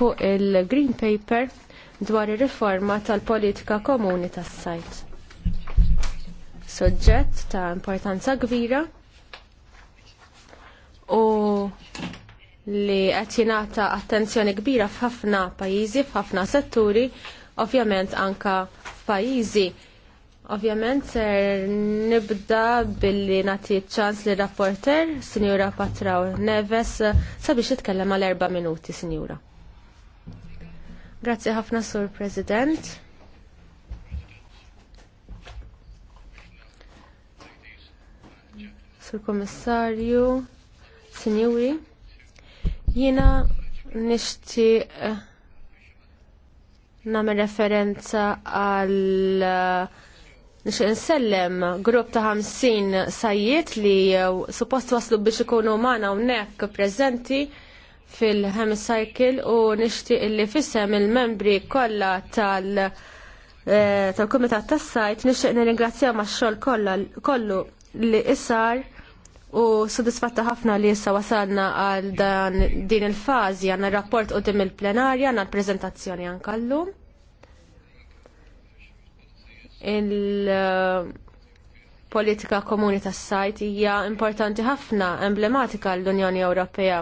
fuq il-Green Paper dwar ir-riforma tal-politika komuni tas-sajt. Suġġett ta' importanza kbira u li qed jingħata attenzjoni kbira f'ħafna pajjiżi, f'ħafna setturi, ovvjament anka f'pajjiżi Ovvjament ser nibda billi nagħti ċans li rapporter, Sinjura Patraw Neves, sabiex titkellem għal erba minuti, Sinjura. Grazzi ħafna, Sur President. Sur Komissarju, Sinjuri, jiena nishti eh, namel referenza għal eh, nix nsellem grupp ta' 50 sajjiet li eh, suppost waslu biex ikunu maħna unnek prezenti fil-hemicycle u nixtieq illi fissem il-membri kollha tal- eh, tal-Kumitat tas-Sajt nixtieq nirringrazzjaw max-xogħol kollu li isar u sodisfatta ħafna li issa wasalna għal dan din il-fażi għandna rapport qudiem il-plenarja għandna l-preżentazzjoni anke llum. Il-politika eh, komuni tas-sajt hija importanti ħafna, emblematika l-Unjoni Ewropea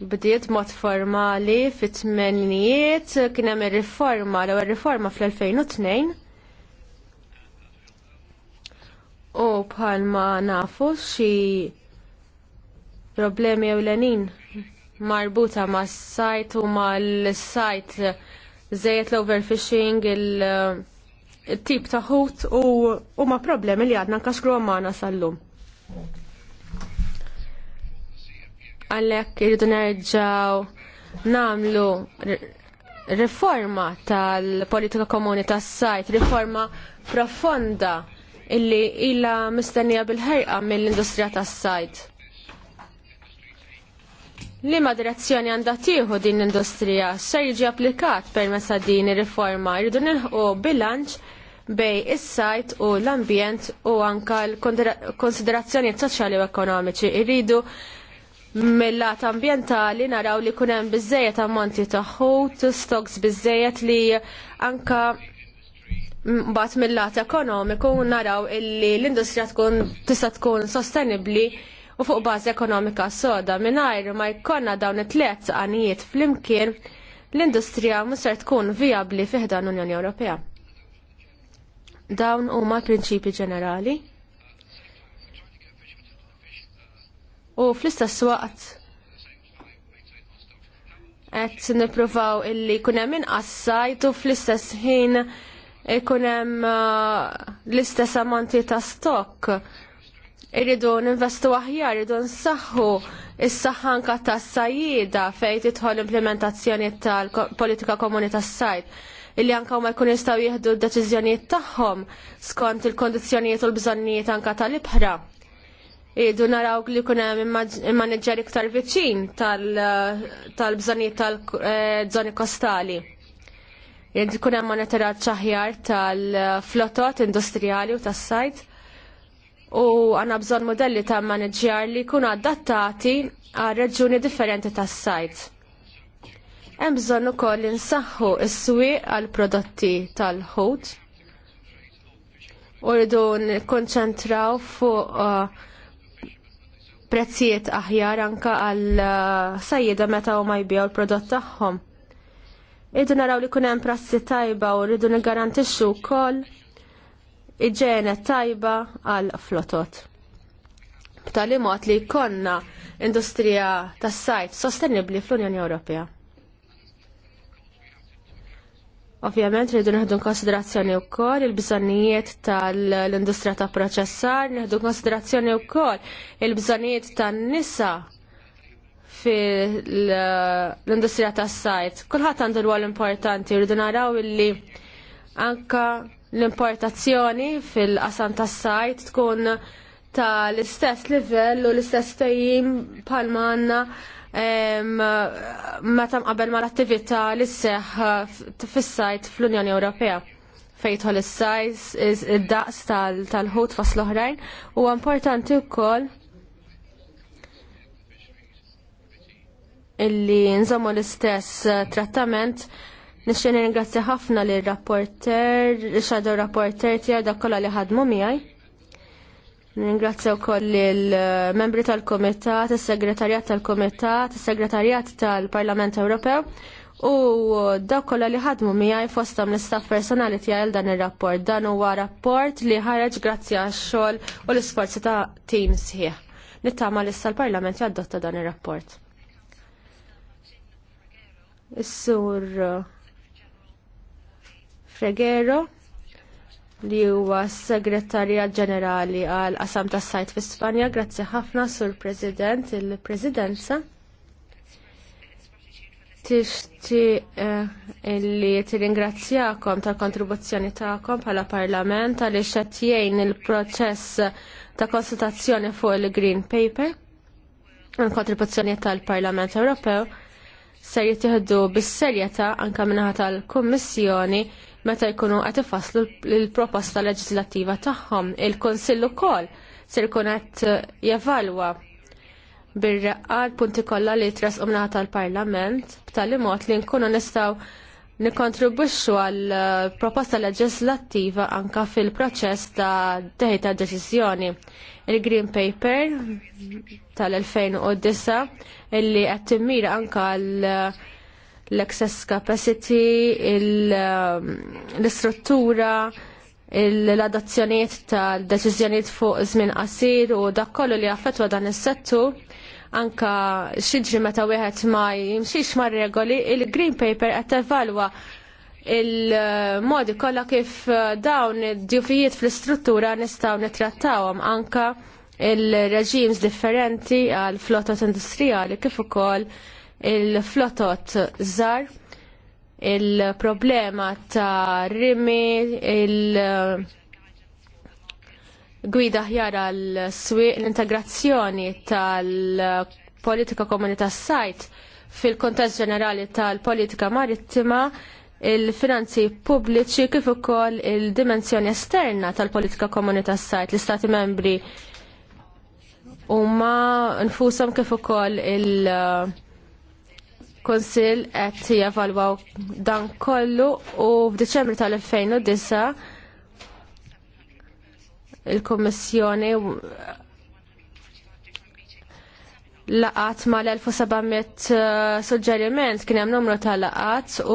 bdiet mod formali fit-tmenijiet kien hemm ir-riforma l-ewwel riforma fl-2002 u bħalma nafu xi problemi ewlenin marbuta ma' s-sajt u ma' l-sajt zejet l-overfishing il-tip ta' taħut u ma' problemi li għadna kaxkru għamana sal-lum għalhekk irridu nerġaw nagħmlu riforma tal-politika komuni tas-sajt, riforma profonda illi ilha mistennija bil-ħerqa mill-industrija tas-sajt. Liema direzzjoni għandha tieħu din l-industrija ser applikat applikat permezz din ir-riforma Irridu nilħu bilanċ bej is-sajt u l-ambjent u anka l-konsiderazzjoni soċjali u ekonomiċi. Irridu mill-lat ambjentali naraw li kunem bizzejet ammonti taħħut, stoks bizzejet li anka bat mill-lat ekonomiku naraw illi l-industrija tkun tista tkun sostenibli u fuq bażi ekonomika soda. Minajr ma jkollna dawn it-tliet għanijiet flimkien l-industrija musser tkun viabli fiħdan l-Unjoni Ewropea. Dawn huma prinċipi ġenerali. u fl-istess waqt qed nippruvaw illi jkun hemm inqas sajt u fl-istess ħin ikun hemm uh, l-istess ammonti ta' stokk. Irridu ninvestu aħjar, irridu nsaħħu is saħħanka tas-sajjieda fejn tidħol implementazzjoni tal-politika komuni tas-sajt illi anka ma jkun jistgħu jieħdu d-deċiżjonijiet tagħhom skont il-kondizzjonijiet u l-bżonnijiet anka tal-ibħra. Idu naraw li kuna manager iktar viċin tal-bżonijiet tal-żoni eh, kostali. Jendi kuna monitorat ċaħjar tal-flotot industrijali u tas-sajt. U għanna bżon modelli ta' manager li kuna adattati għal reġuni differenti tas-sajt. Hemm bżonn ukoll insaħħu s-swieq għal prodotti tal-ħut. U rridu nikkonċentraw fuq uh, prezzijiet aħjar anka għal eh, sajjida meta u majbijaw l-prodott tagħhom. Iddu naraw li kunem hemm prassi tajba u rridu niggarantixxu wkoll iġene tajba għal flotot. B'tali mod li jkollna industrija tas-sajt sostenibbli fl-Unjoni Ewropea. Ovvjament rridu neħdu konsiderazzjoni wkoll il-bżonnijiet tal-industrija ta' proċessar, neħdu konsiderazzjoni wkoll il-bżonnijiet tan-nisa fil-industrija tas sajt. Kulħadd għandu rwol importanti, rridu naraw illi anka l-importazzjoni fil-qasam tas sajt tkun tal istess livell u l-istess tajjim palmanna manna meta mqabel mal-attività li seħ fis-sajt fl-Unjoni Ewropea fejtħol is-sajs id-daqs tal-ħut fas l-oħrajn u importanti wkoll illi nżommu l-istess eh, trattament nixxen ringrazzja ħafna lir rapporter, shadow rapporter tiegħu dak kollha li ħadmu miegħi. Ningrazzja wkoll il-membri tal-Komitat, is-Segretarjat tal-Komitat, is-Segretarjat tal-Parlament Ewropew u daw kolla li ħadmu miegħi fostam l-istaff personali tiegħi dan ir-rapport. Dan huwa rapport li ħareġ grazzi għax-xogħol u l-isforzi ta' tim sħiħ. Nittama issa l-Parlament jaddotta dan ir-rapport. Is-sur Fregero li huwa segretarja ġenerali għal qasam tas sajt fi Spanja. Grazzi ħafna sur President il-Presidenza. Tixti eh, li tirringrazzjakom tal-kontribuzzjoni tagħkom bħala Parlament għal jgħin il-proċess ta' konsultazzjoni fuq il-Green Paper l kontribuzzjoni tal-Parlament Ewropew ser jittieħdu bis-serjetà anke min-naħa tal-Kummissjoni meta jkunu qed ifasslu l-proposta leġislattiva tagħhom. Il-Konsill ukoll se jkun qed jevalwa bir-reqqa punti kollha li tras nagħta tal-Parlament b'tali mod li nkunu nistgħu nikontribwixxu għal eh, proposta leġislattiva anka fil-proċess ta' teħi ta' deċiżjoni. Il-Green Paper tal-2009 illi qed timmira anka għal l access capacity, um, l-istruttura, l-adazzjoniet tal deċizjoniet fuq żmien qasir u dak kollu li affettwa dan is-settur anka xidri meta wieħed ma jimxiex mar regoli il-Green Paper qed tevalwa il-modi kollha kif uh, dawn id-djufijiet fl-istruttura nistgħu nittrattawhom anka il-reġims differenti għal flotot industrijali kif ukoll il-flotot żar, il-problema ta' rimi, il- gwida ħjar għal swieq l-integrazzjoni tal-politika komunità sajt fil-kontest ġenerali tal-politika marittima il-finanzi pubbliċi kif ukoll il-dimensjoni esterna tal-politika komunità sajt l-istati membri huma nfusam kif ukoll il- konsil qed jevalwaw dan kollu u f'Diċembru tal-2009 il kummissjoni laqat mal 1700 uh, suġġeriment kien hemm numru ta' laqat u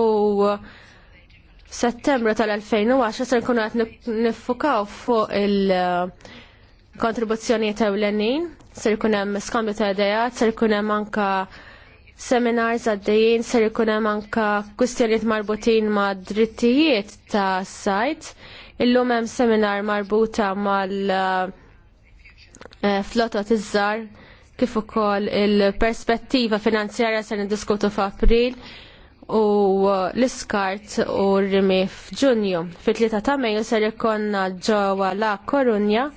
settembru tal-2010 se nkunu qed niffukaw fuq il-kontribuzzjonijiet uh, ewlenin, se jkun hemm skambju ta' idejat, se jkun hemm anka seminars għaddejjien ser ikun hemm anke kwistjonijiet marbutin ma' drittijiet ta' sajt. Illum hemm seminar marbuta mal eh, flotta tiżżar kif ukoll il-perspettiva finanzjarja se niddiskutu f'April u eh, l-iskart u r-rimi f'Ġunju. fit tlieta ta' Mejju ser ikonna ġewwa la Korunja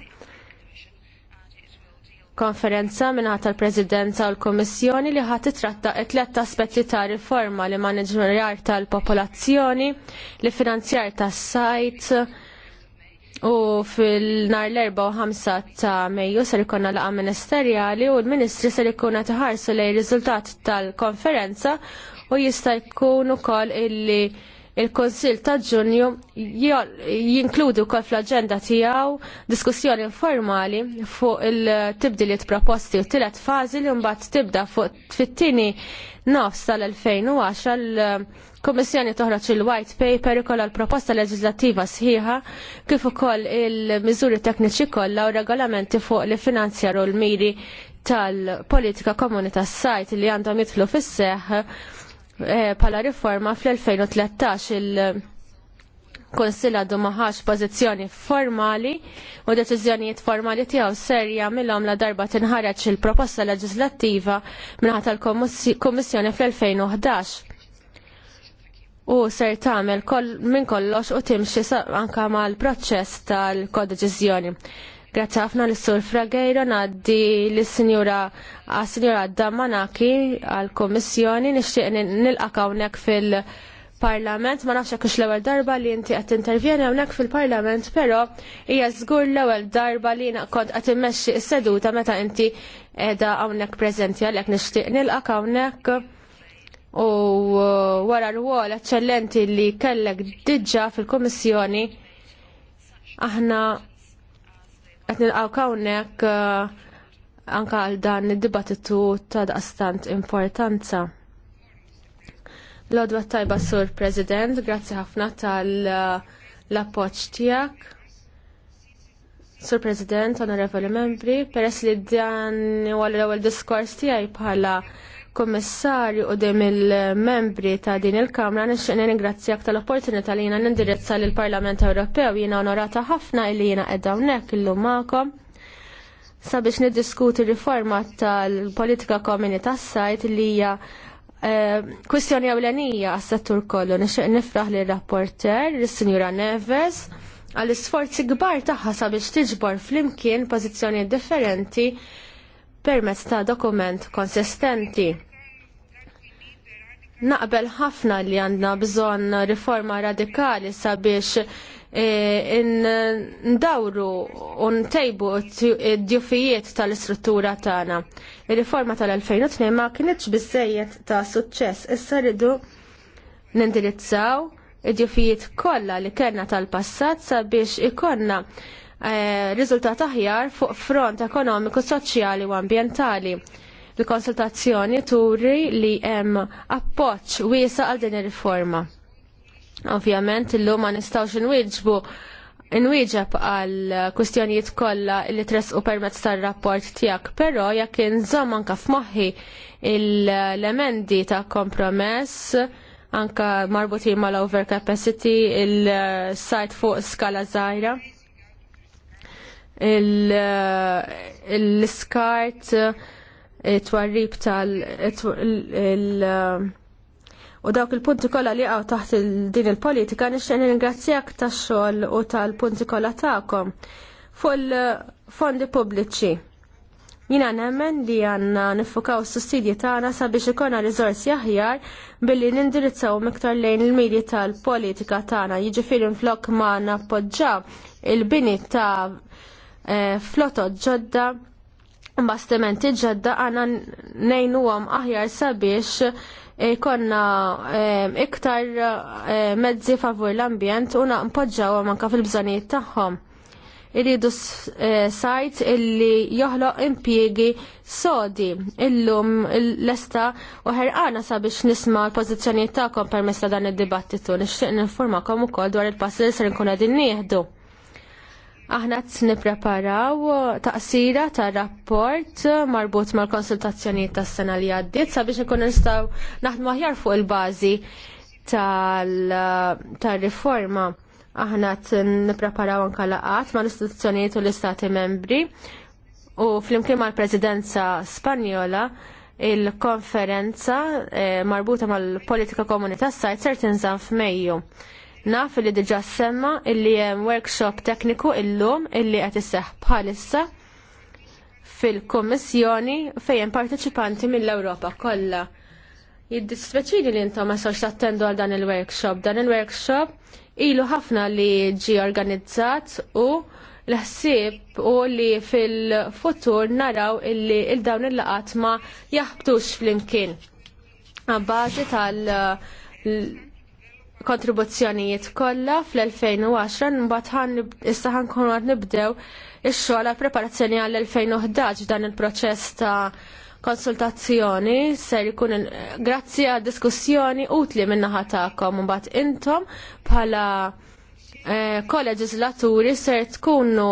konferenza minn tal-Presidenza u l-Komissjoni li ħat titratta tlet aspetti ta' riforma li maniġurjar tal-popolazzjoni, li finanzjar tas-sajt u fil-nar l-4 u 5 ta' Mejju ser ikonna laqa ministerjali u l-Ministri ser ikuna tħarsu lej riżultat tal-konferenza u jista' jkun ukoll illi il-Konsil ta' Ġunju jinkludi wkoll fl-aġenda tiegħu diskussjoni informali fuq il-tibdiliet proposti u tilet fażi li mbagħad tibda fuq fit-tieni nofs tal-2010 l-Kommissjoni toħroġ il-White Paper ikolla l-proposta leġislattiva sħiħa kif ukoll il-miżuri tekniċi kollha u regolamenti fuq li finanzjaru l-miri tal-politika komunità s-sajt li għandhom jidħlu fis-seħħ Eh, pala riforma fl-2013 il- Konsil għadu maħax pozizjoni formali u deċiżjonijiet formali tiegħu serja mill-om la darba tinħareġ il-proposta leġislattiva minħat tal-Kommissjoni fl-2011. U ser tagħmel minn kollox u timxi anka mal-proċess tal kodeċizjoni Grazzi ħafna l-Sur Fragejro naddi l-Sinjura għas-Sinjura Damanaki għal-Komissjoni nixtieq nilqak hawnhekk fil-Parlament ma nafx hekk l-ewwel darba li inti qed intervjeni hawnhekk fil-Parlament, però hija żgur l-ewwel darba li kont qed immexxi s-seduta meta inti qiegħda hawnhekk preżenti għalhekk nixtieq nilqak hawnhekk u wara l-wol eċċellenti li kellek diġà fil-Kummissjoni aħna qed nilqgħu hawnhekk eh, anka għal dan id-dibattitu ta' daqstant importanza. Lodwa tajba sur President, grazzi ħafna tal-appoċ tiegħek. Sur President, onorevoli membri, peress li dan huwa l-ewwel diskors tiegħi bħala il-Kommissarju u dem il-membri ta' din il-Kamra nixxin ringrazzjak tal-opportunità li jina nindirizza l parlament Ewropew jina onorata ħafna illi jina edda unnek illum ma'kom sabiex niddiskuti riforma tal-politika komuni tas-sajt li hija eh, kwistjoni ewlenija għas-settur kollu nixtieq nifraħ li rapporter is-Sinjura Neves għall isforzi kbar tagħha sabiex tiġbor flimkien pożizzjonijiet differenti permezz ta' dokument konsistenti. Naqbel ħafna li għandna bżonn riforma radikali sabiex e, ndawru u ntejbu d-djufijiet tal-istruttura tagħna. Ir-riforma tal-2002 ma kienitx bizzejiet ta' suċċess, issa rridu nindirizzaw id-djufijiet kollha li kellna tal-passat sabiex ikonna e, riżultat aħjar fuq front ekonomiku, soċjali u ambjentali bi konsultazzjoni turi li hemm appoġġ wiesa għal din ir-riforma. Ovvjament illum ma nistgħux inwieġbu inwieġeb għal kwistjonijiet kollha li u permezz tar-rapport tiegħek, però jekk inżomm anke f'moħħi l-emendi ta' kompromess anka marbutin mal-overcapacity, il-sajt fuq skala żgħira l-iskart it-twarrib tal- u dawk il-punti kollha li għaw taħt din il-politika nixtieq ningrazzjak tax-xogħol u tal-punti kollha tagħkom fuq fondi pubbliċi. Jina nemmen li għanna nifukaw s-sussidji tagħna sabiex ikona rizorsi aħjar billi nindirizzaw miktar lejn il-medji tal-politika tagħna, jiġifieri flok ma nappoġġaw il-bini ta' eh, flotod ġodda bastimenti ġodda għana nejnu għam aħjar sabiex eh, konna eh, iktar eh, mezzi favur l-ambjent u naqpoġġaw anka fil-bżonijiet tagħhom. Iridu sajt illi joħloq impjiegi sodi illum l esta u ħerqana sabiex nisma l-pożizzjonijiet tagħkom permessa ta' dan id-dibattitu. Nixtieq ninformakom ukoll dwar il-passi li ser nkun qegħdin nieħdu. Aħna qed nippreparaw uh, taqsira ta' rapport uh, marbut mal-konsultazzjonijiet tas-sena li għaddiet sabiex ikun nistgħu naħdmu aħjar fuq il-bażi tal-riforma. Uh, Aħna qed nippreparaw anka laqat mal-istituzzjonijiet u l-istati membri u flimkien mal-Presidenza Spanjola il-konferenza eh, marbuta mal-politika komuni tas-sajt ser tinżamm f'Mejju. Naf li diġa semma illi hemm workshop tekniku illum illi qed isseħħ bħalissa fil-Kommissjoni fejn partiċipanti mill-Ewropa kollha. Jiddispeċini li intom ma sawx tattendu għal dan il-workshop. Dan il-workshop ilu ħafna li ġi organizzat u l-ħsib u li fil-futur naraw illi il-dawn il-laqat ma jahbtux fl-imkien. Għabbaġi tal- kontribuzzjonijiet kollha fl-2010 mbagħad issa ħankunu għad nibdew ix-xogħol għall preparazzjoni għall-2011 dan il-proċess ta' konsultazzjoni ser jkun grazzi għad diskussjoni utli minnaħa tagħkom mbagħad intom bħala koleġislaturi eh, ser tkunu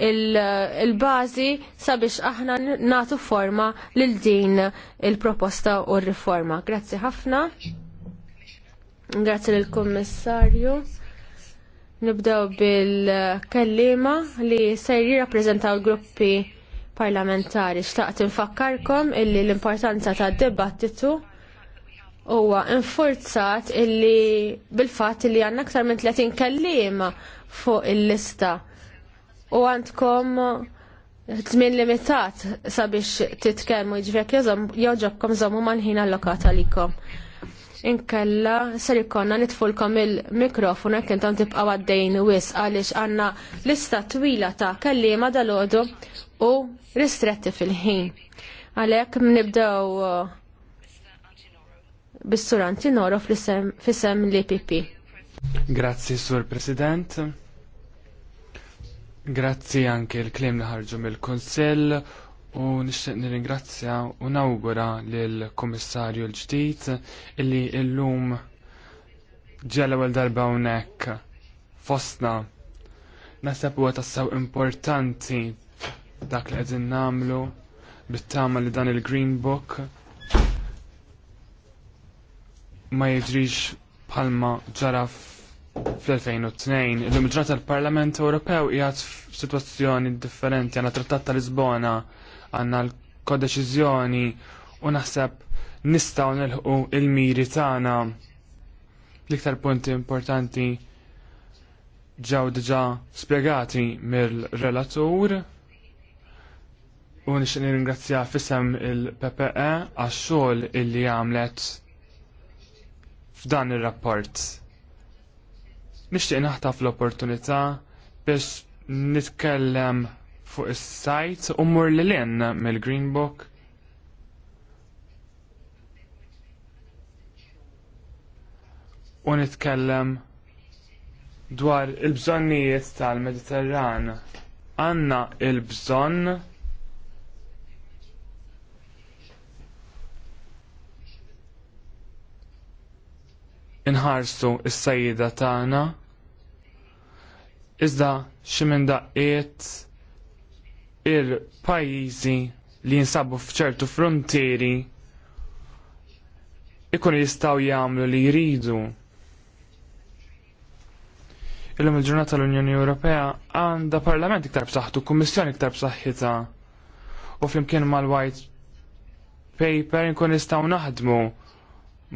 il-bażi sabiex aħna natu forma lil din il-proposta u r-riforma. Grazzi ħafna. Grazie lill-Kummissarju. Nibdew bil-kellima li sejri jirrappreżentaw gruppi parlamentari. Xtaqt infakkarkom illi l-importanza ta' dibattitu huwa infurzat illi bil-fatt illi għandna aktar minn 30 kellima fuq il-lista u għandkom żmien limitat sabiex titkellmu jiġifieri jew ġobkom żommu mal-ħin allokat għalikom inkella ser ikonna nitfulkom il-mikrofon jekk intom tibqa' għaddejn wis għaliex għandna lista twila ta' kelliema dalodu u ristretti fil-ħin. Għalhekk nibdew uh, bis-sur Antinoro fl-isem l-IPP. Grazzi, Sur President. Grazzi anke l-klim li ħarġu mill-Konsell u nixtieq nirringrazzja u nawgura lill-Kummissarju l-ġdid illi llum ġela għal darba hawnhekk fostna. Naseb huwa tassew importanti dak li qegħdin nagħmlu bit-tama li dan il-Green Book ma jiġrix bħalma ġara fl-2002. Il-ġrat tal-Parlament Ewropew jgħat situazzjoni differenti għana trattat tal-Lisbona għanna l-kodeċiżjoni u naħseb nistgħu nilħu il-miri tagħna. L-iktar punti importanti ġew diġà spjegati mill-relatur u nixtieq nirringrazzja fissem il-PPE għax-xogħol illi għamlet f'dan ir-rapport. Nixtieq naħtaf l-opportunità biex nitkellem fuq is-sajt u mmur lil hemm mill-Green Book. U nitkellem dwar il-bżonnijiet tal-Mediterran. Għanna il-bżonn inħarsu is-sajjida tagħna iżda xi minn daqqiet il-pajjiżi li jinsabu f'ċertu frontieri ikun jistgħu jagħmlu li jridu. Illum il-ġurnata l-Unjoni Ewropea għandha parlament iktar b'saħħtu, kummissjoni iktar b'saħħitha u flimkien mal-White Paper nkun nistgħu naħdmu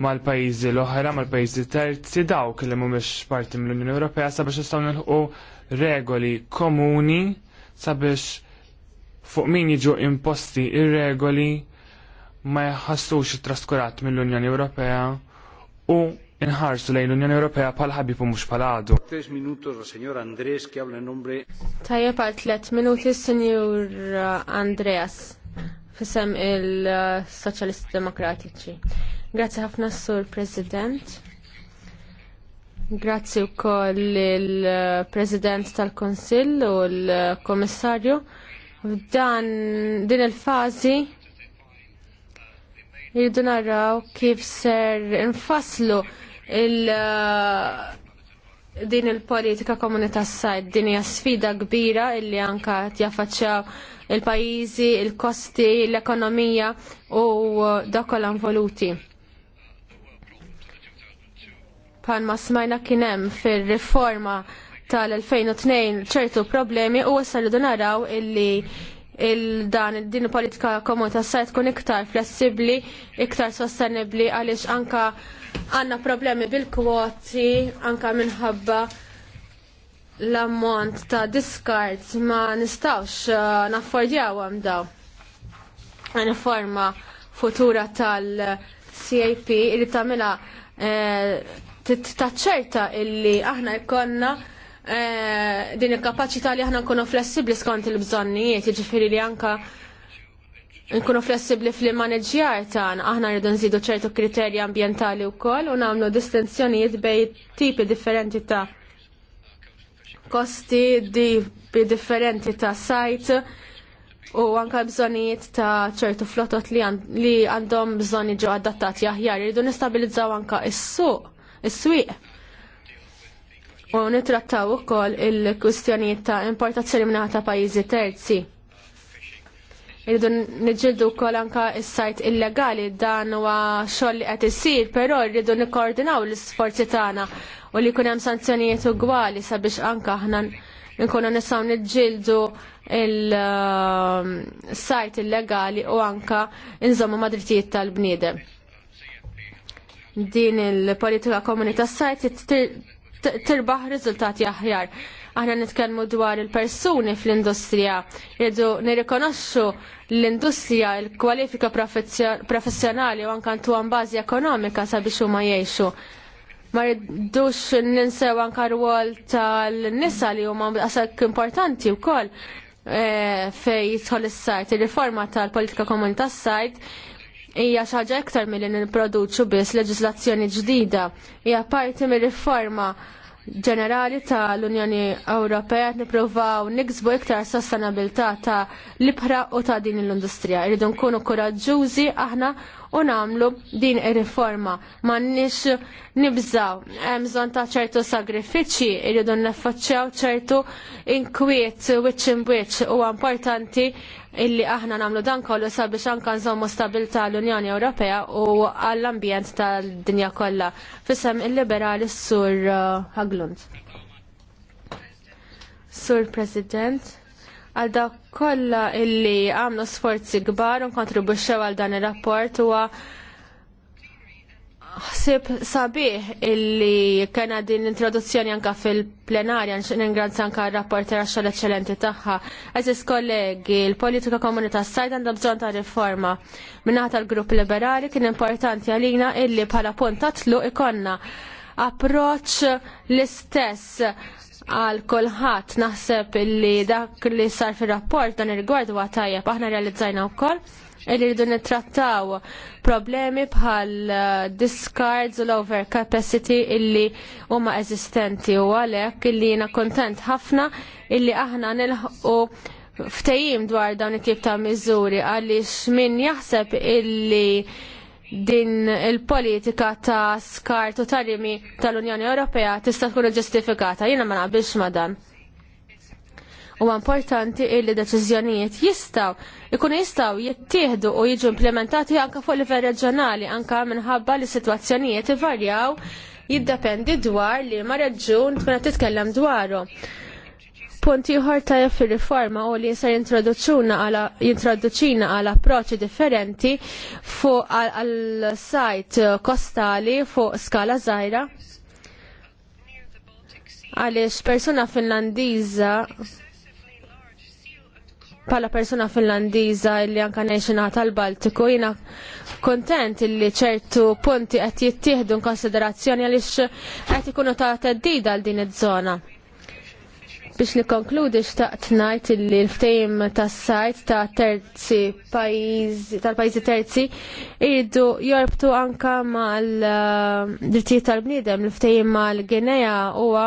mal-pajjiżi l-oħra, mal-pajjiżi terzi dawk li mhumiex parti mill-Unjoni Ewropea sabiex nistgħu nilħu regoli komuni sabiex fuq min jiġu imposti ir-regoli ma jħassux traskurat mill-Unjoni Ewropea u inħarsu lejn l-Unjoni Ewropea pal ħabib u mhux pal għadu. Tajjeb għal tliet minuti s-Sinjur Andreas fisem il-Soċjalisti Demokratiċi. Grazzi ħafna sur President. Grazzi wkoll il-President tal-Konsill u l-Komissarju. F'dan din il-fażi jridu naraw kif ser infaslu il- uh, din il-politika komunità s-sajd, din hija sfida kbira illi anka jaffaċċaw il-pajjiżi, il-kosti, l-ekonomija u dokol involuti. Pan ma smajna kien hemm fir-riforma tal-2002 ċertu problemi u issa rridu naraw illi il-dan din politika komuni ta' sajt kun iktar flessibbli, iktar sostenibbli għaliex anka għandna problemi bil-kwoti, anka minħabba l-ammont ta' diskard ma nistawx uh, naffordjaw għam daw. Għan forma futura tal-CAP li tamela eh, t taċċerta illi aħna jkonna Eh, din il-kapacità li aħna nkunu flessibli skont il-bżonnijiet, jiġifieri li anka nkunu flessibli fl maneġjar tagħna, aħna rridu nżidu ċertu kriterji ambjentali wkoll u nagħmlu distinzjonijiet bejn tipi differenti ta' kosti, tipi differenti ta' sajt u anka bżonnijiet ta' ċertu flotot li għandhom bżonni ġo adattati aħjar, rridu nistabilizzaw anka is-suq, is-swieq u nitrattaw ukoll il-kwistjonijiet ta' importazzjoni minn ta' pajjiżi terzi. Irridu niġġieldu wkoll anka s-sajt illegali dan huwa xogħol li qed isir, però rridu nikkoordinaw l-isforzi tagħna u li jkun hemm sanzjonijiet ugwali sabiex anka aħna nkunu nistgħu niġġieldu il-sajt illegali u anka nżommu madrittijiet drittijiet tal-bniedem din il-politika komuni tas sajt tirbaħ riżultati aħjar. Aħna nitkellmu dwar il-persuni fl-industrija, irridu nirrikonoxxu l-industrija, l-kwalifika professjonali u anke għan bażi ekonomika sabiex huma jgħixu. Ma rridux ninsew anke rwol tal-nisa li huma għasak importanti wkoll eh, fej jidħol is-sajt, ir-riforma tal-politika komuni tas-sajt hija xi ħaġa iktar milli nipproduċu biss leġislazzjoni ġdida, hija parti mir-riforma ġenerali tal-Unjoni Ewropea qed nippruvaw niksbu iktar sostenabilità ta' l-ibħra u ta' din l-industrija. Irridu nkunu koraġġużi aħna u namlu din ir-riforma. Ma nix nibżaw, hemm bżonn ta' ċertu sagrifiċċji irridu neffaċċaw ċertu inkwiet wiċċ imwiċċ huwa importanti illi aħna namlu dan kollu sabiex anka nżommu stabilta l-Unjoni Ewropea u għall-ambjent tal-dinja kollha. Fisem il-liberali sur uh, Haglund. Sur President għal dak kollha illi għamlu sforzi kbar u kontribuxxew għal dan ir-rapport huwa ħsib sabiħ illi kena din l-introduzzjoni anka fil-plenarja, n-ingranza anka r-rapporter għax l-eccellenti tagħha. Eżis kollegi, l-politika komunita s sajt għandha bżonn ta' riforma. Minnaħa tal-grupp liberali kien importanti għalina illi bħala punt tatlu ikonna approċ l-istess għal kolħat naħseb li dak li sar fir rapport dan il rigward huwa tajjeb aħna realizzajna wkoll li rridu nittrattaw problemi bħal uh, discards u l-over capacity illi huma eżistenti u għalhekk illi jiena kontent ħafna illi aħna nilħqu ftehim dwar dawn it-tip ta' miżuri għaliex min jaħseb illi din il-politika ta' skartu tarimi tal-Unjoni Ewropea tista' tkun ġustifikata. Jiena ma naqbilx ma dan. Huwa importanti li deċiżjonijiet jistgħu ikunu jistgħu jittieħdu u jiġu implementati anke fuq livell reġjonali anke minħabba li sitwazzjonijiet ivarjaw jiddependi dwar li ma reġun tkun qed titkellem dwaru. Punti ieħor ta' fir-riforma u li jisar jintroduċina għala approċċi differenti fuq għal sajt kostali fuq skala żgħira. Għaliex persuna Finlandiża pala persuna Finlandiża li anka nejxina tal-Baltiku jina kontent li ċertu punti qed jittieħdu konsiderazzjoni għaliex qed ikunu ta' teddida għal din iż-żona Biex konkludi xtaqt najt li l-ftehim tas-sajt ta' terzi tal-pajjiżi terzi jridu jorbtu anka mal-drittijiet eh, tal-bniedem l ma' mal-Ginea huwa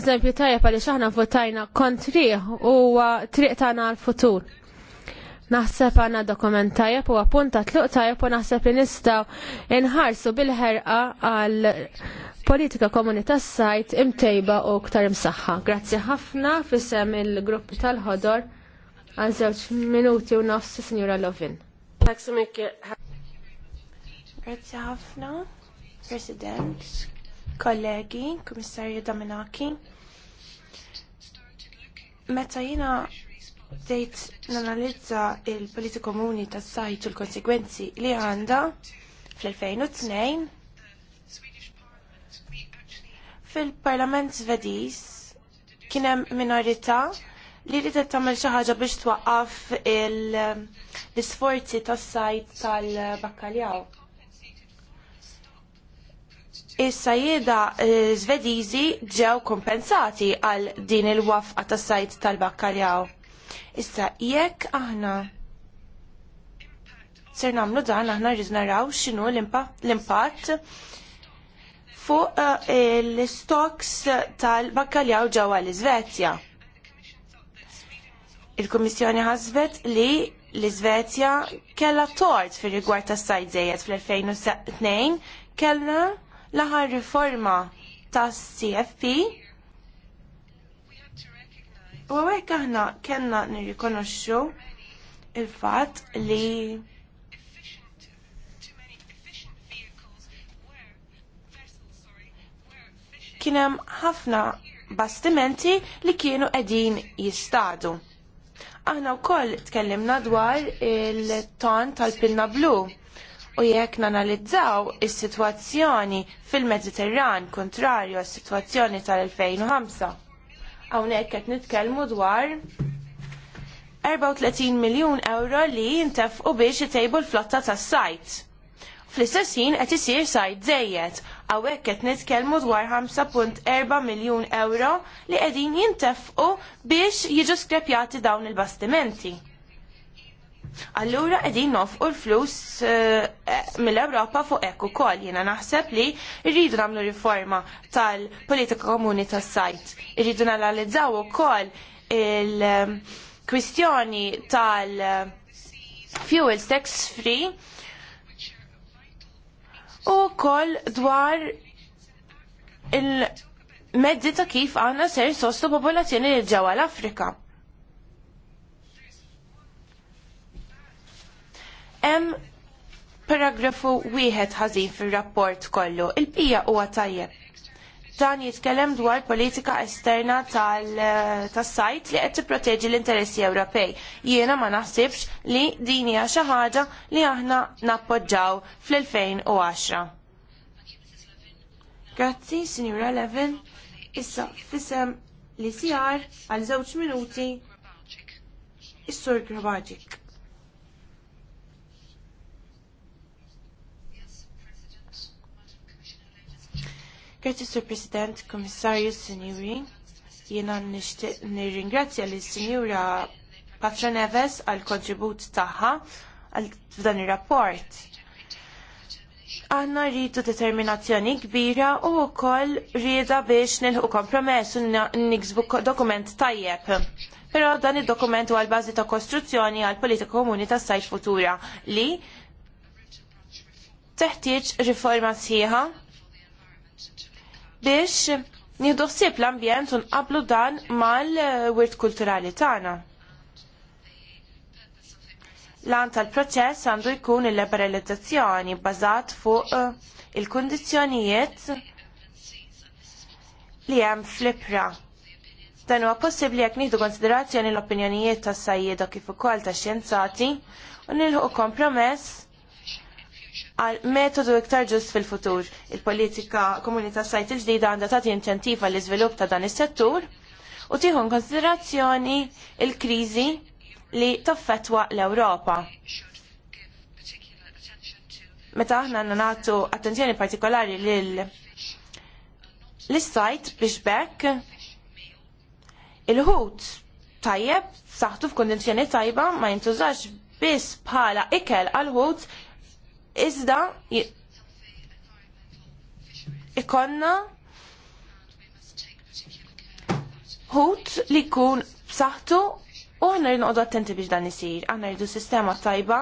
Eżempju tajja għaliex aħna votajna kontrih huwa triq tana għall-futur. Naħseb għanna dokument tajab u appunta tluq tajab u naħseb li nistaw inħarsu bil-ħerqa għal politika komuni tas sajt imtejba u ktar imsaħħa. Grazzi ħafna fissem il-grupp tal-ħodor għal żewġ minuti u nofs Signora Lovin. Grazzi ħafna, President, kollegi, Komissarju Dominaki. Meta jina Tejt nanalizza il politi komuni ta' sajt u l-konsekwenzi li għandha fl-2002 fil-Parlament Svediż kien hemm minorità li ridet tagħmel xi ħaġa biex twaqqaf l-isforzi ta' sajt tal-bakkaljaw. Is-sajjeda eh, Svediżi ġew kompensati għal din il-wafqa ta' sajt tal-bakkaljaw. Issa jekk aħna ser namlu dan aħna rrid naraw x'inhu l-impatt fuq eh, l-stocks tal-bakkaljaw ġewwa l-Iżvezja. Il-Kummissjoni ħasbet li l-Iżvezja kellha tort fir rigward tas żejjed fl-2002 kellna l-aħħar riforma tas-CFP U għek aħna kena nirrikonoxxu il-fat li kienem ħafna bastimenti li kienu edin jistadu. Aħna u koll tkellimna dwar il-ton tal-pilna blu u jekk nanalizzaw is-sitwazzjoni fil-Mediterran kontrarju għas-sitwazzjoni tal-2005 Hawnhekk qed nitkellmu dwar 34 miljun euro li jintefqu biex itejbu l-flotta tas-sajt. fl istessin għet qed isir sajt dejjed, hawnhekk qed nitkellmu dwar 5.4 miljun euro li qegħdin jintefqu biex jiġu skrepjati dawn il-bastimenti. Allura qegħdin nofqu l-flus eh, eh, mill-Ewropa fuq hekk ukoll. Jiena naħseb li rridu nagħmlu riforma tal-politika komuni tas-sajt. Irridu nanalizzaw ukoll il-kwistjoni tal- fuel tax free u koll dwar il-medzi ta' kif għanna ser sostu popolazzjoni ġewwa l-Afrika. Hemm paragrafu wieħed ħażin fir-rapport kollu, il-bija huwa tajjeb. Dan jitkellem dwar politika esterna eh, tas-sajt li qed tipproteġi l-interessi Ewropej. Jiena ma naħsibx li din hija xi ħaġa li aħna nappoġġaw fl-2010. Grazzi, Signora Levin. Issa fisem li sijar għal żewġ minuti is-Sur Grabagic. Grazie, Sur President, Komissarju, Sinjuri. Jena nirringrazzja li Sinjura Patra Neves għal kontribut taħħa għal f'dan ir-rapport. Għanna rridu determinazzjoni kbira u wkoll rieda biex nilħu kompromess u niksbu dokument tajjeb. Però dan id-dokument huwa l-bażi ta' kostruzzjoni għal politika komuni tas sajf futura li teħtieġ riforma sħiħa biex nieħdu ħsieb l-ambjent u nqabblu dan mal-wirt kulturali tagħna. l għan tal-proċess għandu jkun il-liberalizzazzjoni bbażat fuq eh, il-kundizzjonijiet li hemm fl-ipra. Dan huwa possibbli jekk nieħdu konsiderazzjoni l-opinjonijiet tas-sajjieda kif ukoll tax-xjenzati u nilħu kompromess għal metodu iktar ġust fil-futur. Il-politika komunità sajt il-ġdida għandha tati inċentiv għall iżvilupp ta' dan is-settur u tieħu konsiderazzjoni il-kriżi li toffetwa l-Ewropa. Meta aħna nagħtu attenzjoni partikolari lil l-sajt biex bekk il-ħut tajjeb saħtu f'kondizjoni tajba ma jintużax biss bħala ikel għal ħut Iżda ikonna ħut li jkun b'saħħtu u aħna rridu attenti biex dan isir. Aħna rridu sistema tajba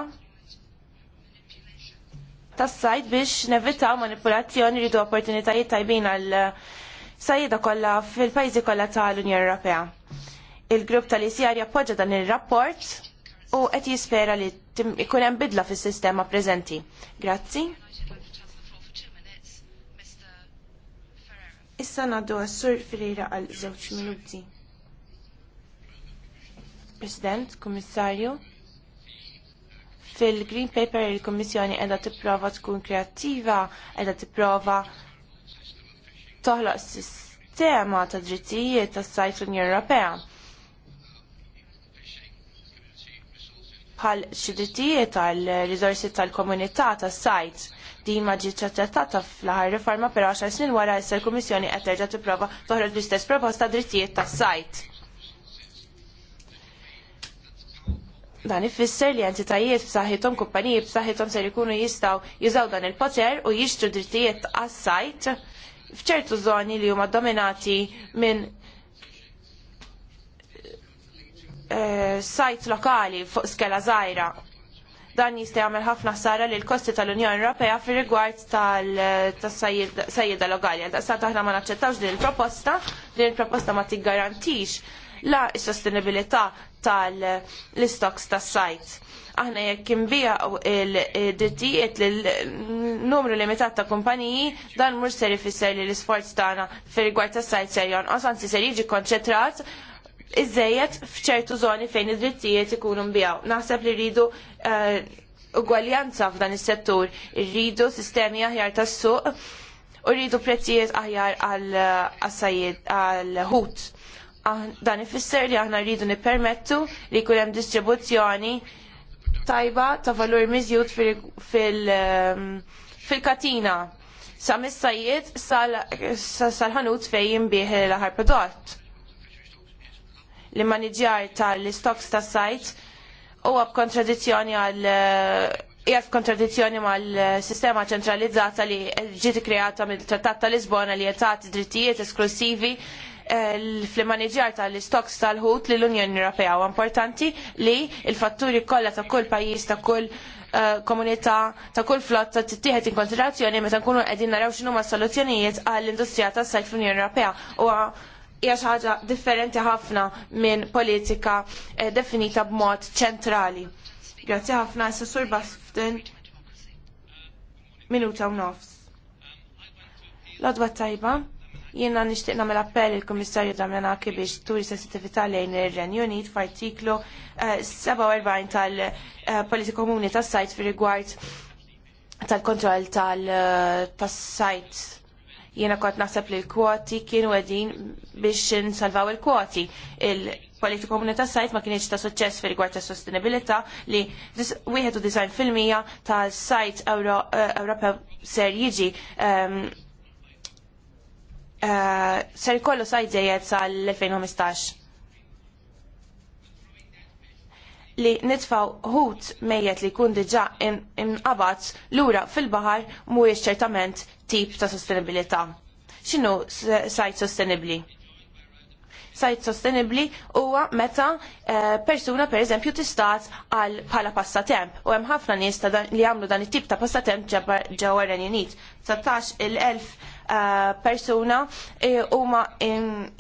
tas-sajt biex nevitaw manipulazzjoni rridu opportunitajiet tajbin għal sajjida kollha fil-pajjiżi kollha tal-Unjoni Ewropea. Il-grupp tal-ICR jappoġġa dan ir rapport u qed jispera li ikun hemm bidla fis-sistema preżenti. Grazzi. Issa ngħaddu għas-sur Ferreira għal żewġ minuti. President, Kummissarju, fil-Green Paper il-Kommissjoni qiegħda tipprova tkun kreattiva, qiegħda tipprova toħloq sistema ta' drittijiet tas-sajt l-Unjoni Ewropea bħal xidritijiet tal rizorsi tal-komunità tas-sajt. Din ma ġiet trattata fl-aħħar riforma però 10 snin wara issa l-Kummissjoni qed terġa' tipprova toħroġ l-istess proposta drittijiet tas-sajt. Dan ifisser li entitajiet b'saħħithom kumpaniji b'saħħithom ser ikunu jistgħu jużaw dan il-poter u jixtru drittijiet għas-sajt f'ċertu żoni li huma dominati minn Eh, sajt lokali fuq skela żgħira. Dan jista' jagħmel ħafna sara l kosti tal-Unjoni Ewropea fir-rigward eh, tas-sajjida lokali. Għal daqstant aħna ma naċċettawx din il-proposta, din il-proposta ma tiggarantix la s-sostenibilità tal-istoks eh, tas-sajt. Aħna jekk imbija il-drittijiet l-numru mm, limitat ta' kumpaniji, dan mhux ser ifisser li l-isforz tagħna fir-rigward tas-sajt ser jonqos, anzi ser jiġi konċentrat iżejjed fċertu zoni fejn id-drittijiet ikunu mbijaw. Naħseb li rridu eh, ugwaljanza f'dan is-settur, rridu sistemi aħjar tas-suq u rridu prezzijiet aħjar għal-ħut. Eh, dan ifisser li aħna rridu nippermettu li jkun hemm distribuzzjoni tajba ta' valur miżjud eh, fil-katina. Sa' mis sajjed sal-ħanut fejn jinbieħ l aħħar prodott li maniġjar tal-stocks ta' sajt huwa b'kontradizzjoni għal eh, kontradizjoni ma mal-sistema ċentralizzata li ġiet kreata mill-Trattat tal Lisbona li jgħat drittijiet esklusivi eh, fl-maniġjar tal-istoks tal-ħut li l-Unjoni Ewropea. U importanti li il-fatturi kollha ta' kull pajjiż ta' kull eh, komunità ta' kull flotta tittieħed in konsiderazzjoni meta nkunu qegħdin naraw x'inhuma s-soluzzjonijiet għall-industrija tas sajf fl-Unjoni Ewropea hija xi ħaġa differenti ħafna minn politika eh, definita b'mod ċentrali. Grazzi ħafna Assessur Bastin minuta u nofs. L-odwa tajba, jiena nixtieq nagħmel appell il-Kummissarju Damjanaki biex turi sensitività lejn il renju Unit f'artiklu 47 eh, tal-Politika Komuni tas-Sajt fir rigward tal-kontroll tal-sajt eh, Jiena kont naħseb li l-kwoti kienu għedin biex nsalvaw il-kwoti. Il-politika komunità sajt ma kienieċ ta' suċċess fi rigward ta' sostenibilità li 91% ta' sajt Ewropa ser jiġi ehm, eh, ser kollu sajt dejjed sal-2015. li nitfaw ħut mejjet li jkun diġà inqabad lura fil-baħar mhuwiex ċertament tip ta' sostenibilità. X'inhu sajt sostenibbli? sajt sostenibli huwa meta eh, persuna per eżempju tistat għal bħala passatemp. U hemm ħafna nies li għamlu dan it-tip ta' passatemp ġewwa Renju Unit. il-elf eh, persuna eh, huma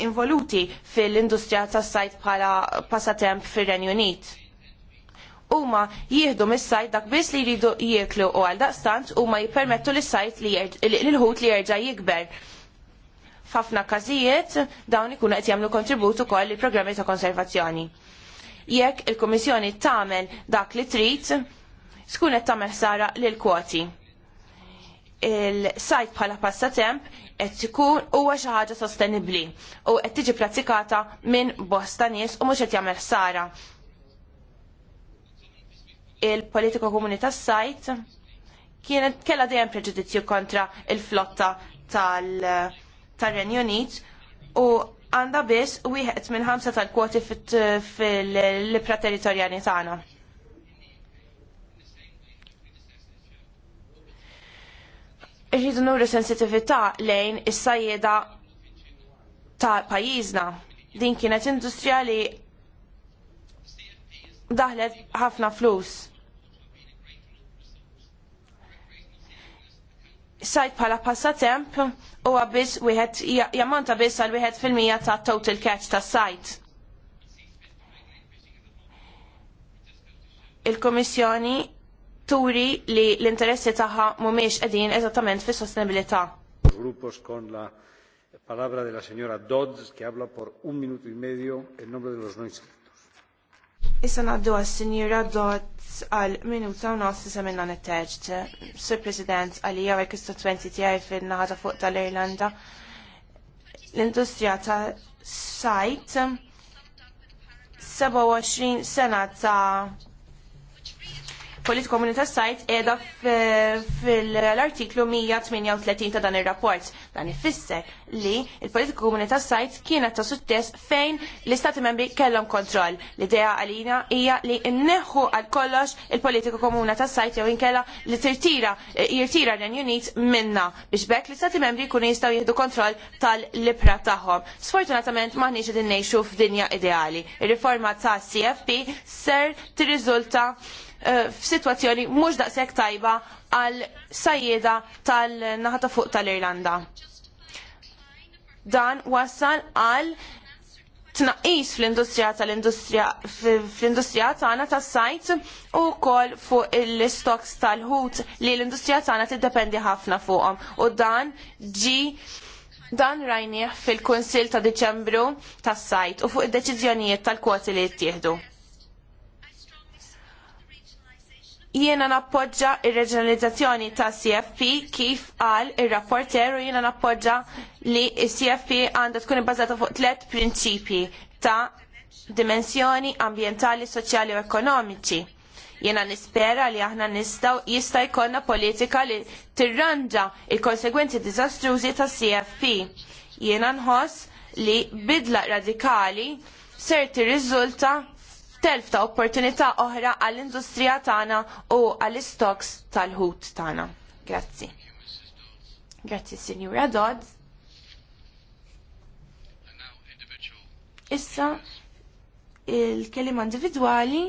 involuti fil-industrija tas sajt bħala passatemp fir-Renju Unit huma jieħdu mis-sajt dak biss li jridu jieklu u għal daqstant huma jippermettu lis sajt li l-ħut li jerġa' jikber. F'ħafna każijiet dawn ikunu qed jagħmlu kontribut ukoll li programmi ta' konservazzjoni. Jekk il-Kummissjoni tagħmel dak li trid, skun qed tagħmel ħsara lil kwoti. Il-sajt bħala passatemp qed ikun huwa xi ħaġa sostenibbli u qed tiġi pratikata minn bosta nies u mhux qed jagħmel ħsara il-politika komuni tas sajt kienet kella dejjem preġudizzju kontra il-flotta tal-Renju Unit u għanda biss wieħed minn ħamsa tal-kwoti fil-libra territorjali tagħna. Irridu nuru sensitività lejn is-sajjeda ta' pajjiżna. Din kienet industrija li daħlet ħafna flus. sajt bħala passatemp u għabiz wieħed jammonta biss għal wieħed fil-mija ta' total catch ta' sajt. Il-Komissjoni turi li l-interessi tagħha mhumiex qegħdin eżattament fis-sostenibilità. Grupos kon la palabra della signora Dodds, che habla por un minuto y medio en nombre de los no inscritos. Issa naddu għas-sinjura dot għal minuta u nofs semminna netteġt. Sir President, għalija għek 20 tijaj fil-naħda fuq tal-Irlanda. L-industrija ta' sajt 27 sena ta' Polit komunità sajt edha fil-artiklu 138 ta' dan il-rapport. Dan ifisser li il polit komunità sajt kienet ta' suttess fejn l-istati membri kellhom kontroll. L-idea għalina hija li nneħħu għal kollox il politiku komuna sajt jew inkella li tirtira jirtira Unit minna biex bekk l-istati membri kunu jistgħu jieħdu kontroll tal-libra tagħhom. Sfortunatament maħniex qegħdin ngħixu f'dinja ideali. Ir-riforma ta' CFP ser tirriżulta Eh, f'sitwazzjoni mhux daqshekk tajba għal sajjeda tal-naħa ta' fuq tal-Irlanda. Dan wassal għal tnaqqis fl-industrija tal-industrija fl-industrija tagħna tas-sajt u wkoll fuq il stoks tal-ħut li l-industrija tagħna tiddependi ħafna fuqhom. U dan ġi dan rajnieh fil konsil ta' Diċembru tas-sajt u fuq id-deċiżjonijiet tal-kwoti li jittieħdu. jiena nappoġġa ir-reġjonalizzazzjoni ta' CFP kif qal ir-rapporter u jiena nappoġġa li CFP għandha tkun ibbażata fuq tliet prinċipji ta' dimensjoni ambjentali, soċjali u ekonomiċi. Jiena nispera li aħna nistgħu jista' jkollna politika li tirranġa il-konsegwenzi diżastrużi ta' CFP. Jiena nħoss li bidla radikali ser tirriżulta telf ta' opportunità oħra għall-industrija tagħna u għall-istoks tal-ħut tagħna. Grazzi. Grazzi, Sinjura Dodd. Issa il-kelima individwali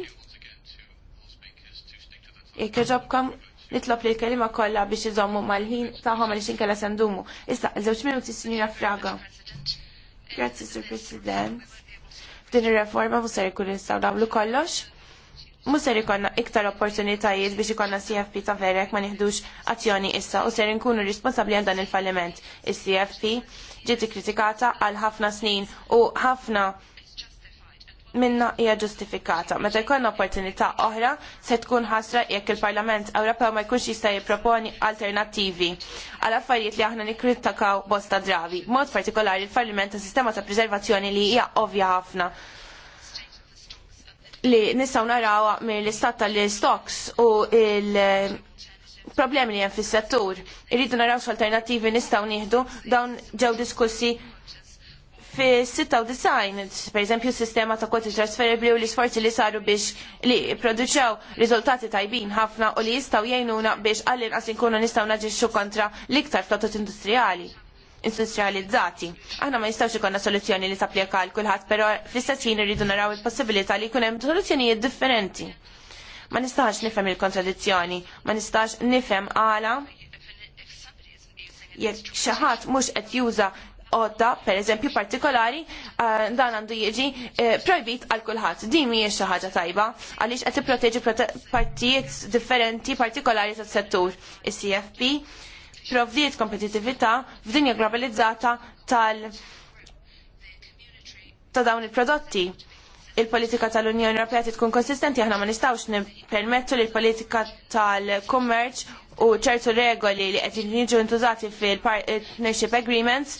jekk nitlob li l-kelima kollha biex iżommu mal-ħin tagħhom għaliex inkella sendumu. Issa, żewġ minuti, Sinjura Fraga. Grazzi, Sur President Din ir-reforma mhux ser jkun nistgħu kollox. Mhux ser ikonna iktar opportunitajiet biex ikonna CFP ta' verek ma nieħdux azzjoni issa u ser inkunu responsabbli għal dan il-falliment. Is-CFP ġiet ikkritikata għal ħafna snin u ħafna minna hija ġustifikata. Meta jkollna opportunità oħra se tkun ħasra jekk il-Parlament Ewropew ma jkunx jista' jipproponi alternattivi għal affarijiet li aħna nikkritakaw bosta dravi. Mod partikolari il-Parlament ta' sistema ta' preservazzjoni li hija ovvja ħafna li nistgħu narawha mill-istat tal-stocks u il- problemi li hemm fis-settur. Irridu naraw x'alternattivi nistgħu nieħdu dawn ġew diskussi fi design, per eżempju, sistema ta' kwoti trasferibli u l-isforzi li saru biex li produċaw riżultati tajbin ħafna u li jistaw jgħinuna biex għallin għas inkunu nistaw naġiċu kontra l-iktar industriali industrijali industrializzati. Aħna ma jistawx ikonna soluzzjoni li tapplika għal kulħadd, però fl-istess ħin irridu naraw il-possibilità li jkun hemm soluzzjonijiet differenti. Ma nistax nifhem il-kontradizzjoni, ma nistax nifhem għala jekk xi ħadd mhux qed juża għodda, per eżempju, partikolari, eh, dan għandu jieġi eh, projbit għal kulħadd. Din mhijiex xi ħaġa tajba għaliex qed tipproteġi partijiet differenti partikolari tas-settur. Is-CFP provdiet kompetitività f'dinja globalizzata tal ta' dawn il-prodotti il-politika tal-Unjoni Ewropea tkun konsistenti aħna ma nistgħux nippermettu li l-politika tal-kummerċ u ċertu regoli li qed jiġu ntużati fil-partnership eh, agreements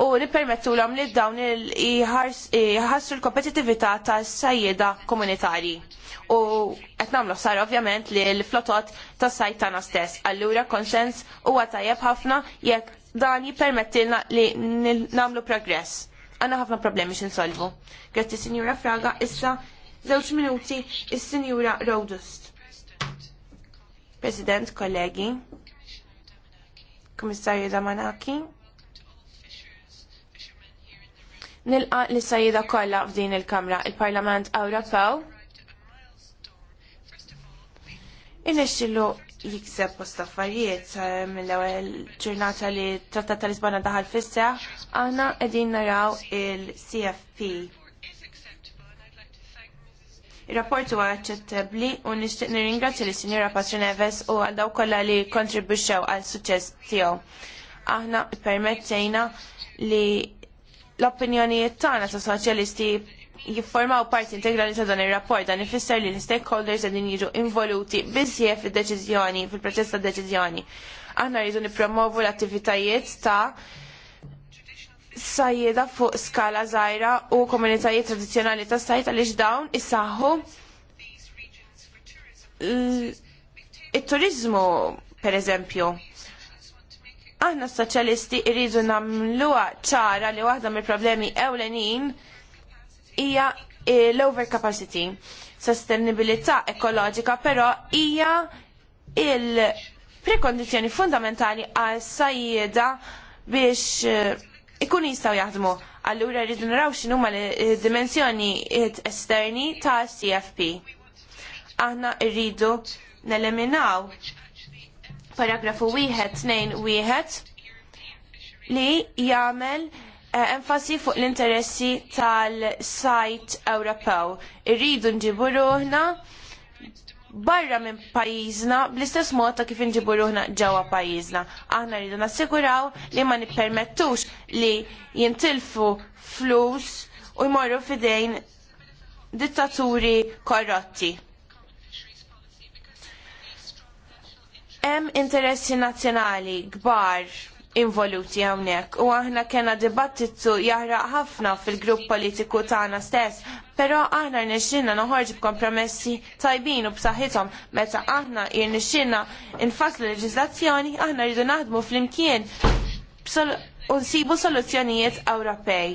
u nipermettu l li dawn il-ħarsi il-ħassu l-kompetitività ta' sajjeda komunitari. U qed nagħmlu sar ovvjament li l-flotot ta' sajt tagħna stess. Allura konsens huwa tajjeb ħafna jekk dan jippermettilna li nagħmlu progress. Għanna ħafna problemi x'insolvu. Grazzi Sinjura Fraga, issa żewġ minuti is-Sinjura Rodust. President, kollegi, Commissario Damanaki, nilqa li sajjida kollha f'din il-Kamra il-Parlament Ewropew Inexxilu jikseb post affarijiet eh, mill-ewwel ġurnata li trattat tal-Lisbona daħal fis-seħ, aħna qegħdin naraw il-CFP. Il-rapport huwa aċċettabbli u nixtieq nirringrazzja lis sinjora Patroneves u għal dawk kollha li kontribwixxew għal suċċess tiegħu. Aħna permettejna li l-opinjonijiet tagħna ta' soċjalisti jiffurmaw parti integrali ta' dan ir-rapport dan ifisser li l-stakeholders qegħdin jiġu involuti biżjed fid-deċiżjoni, fil-proċess ta' deċiżjoni. Aħna rridu nippromovu l-attivitajiet ta' sajjeda fuq skala żgħira u komunitajiet tradizzjonali ta' sajt għaliex dawn issaħħu it-turizmu per eżempju Aħna s-soċjalisti irridu namluha ċara li waħda mill-problemi ewlenin hija l-overcapacity. Sostenibilità ekoloġika però hija il-prekondizjoni fundamentali għal sajjeda biex eh, ikun jistgħu jaħdmu. Allura rridu naraw x'inhuma l-dimensjoni eh, esterni ta' CFP. Aħna rridu neleminaw paragrafu wieħed tnejn wieħed li jagħmel eh, enfasi fuq l-interessi tal-sajt Ewropew. Irridu nġibu ruħna barra minn pajjiżna bl-istess mod ta' kif nġibu ruħna ġewwa pajjiżna. Aħna rridu nassiguraw li ma nippermettux li jintilfu flus u jmorru fidejn dittaturi korrotti. Hemm interessi nazzjonali kbar involuti hawnhekk u aħna kena dibattitu jaħraq ħafna fil-grupp politiku tagħna stess, però aħna rnexxinna noħorġu b'kompromessi tajbin u b'saħħithom meta aħna rnexxinna infasslu leġiżlazzjoni aħna rridu naħdmu flimkien u nsibu soluzzjonijiet Ewropej.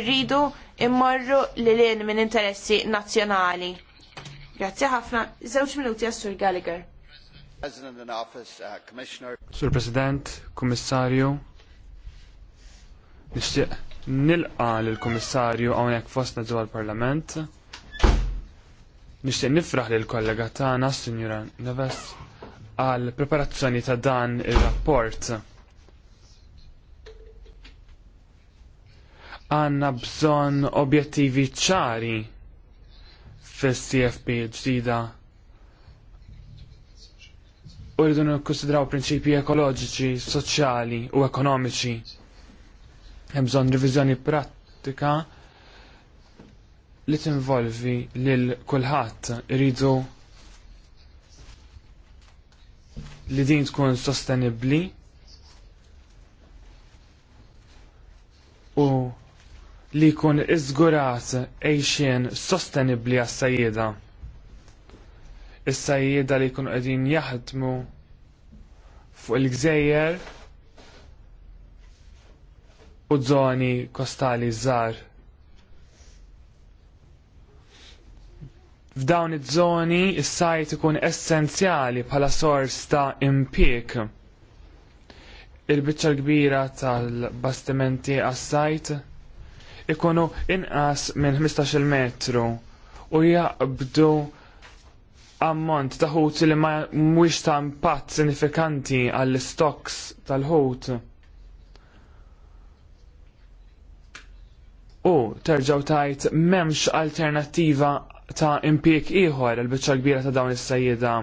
Irridu immorru lil minn interessi nazzjonali. Grazzi ħafna, żewġ minuti għas-Sur Gallagher. President in Office, uh, Commissioner. Sur President, Kummissarju, nixtieq nilqa lill-Kummissarju hawnhekk fostna ġewwa l-Parlament. Nixtieq nifraħ lill kollega tagħna, Sinjura Neves, għal preparazzjoni ta' dan ir-rapport. Għanna bżonn objettivi ċari fis-CFP ġdida u jridu nikkonsidraw prinċipji ekoloġiċi, soċjali u ekonomiċi. Hemm bżonn riviżjoni prattika li tinvolvi lil kulħadd iridu li din tkun sostenibbli u li jkun iżgurat għejxien sostenibbli għas-sajjeda is-sajjieda li jkunu qegħdin jaħdmu fuq il-gżejjer u żoni kostali żgħar. F'dawn iż-żoni is-sajt ikun essenzjali bħala sors ta' impjieg. Il-biċċa l kbira tal-bastimenti għas-sajt ikunu inqas minn 15 metru u jaqbdu ammont ta' ħut li ma mhuwiex ta' impatt sinifikanti għall stocks tal-ħut. U terġaw tajt memx alternativa ta' impjek ieħor il biċċa kbira ta' dawn is-sajjida.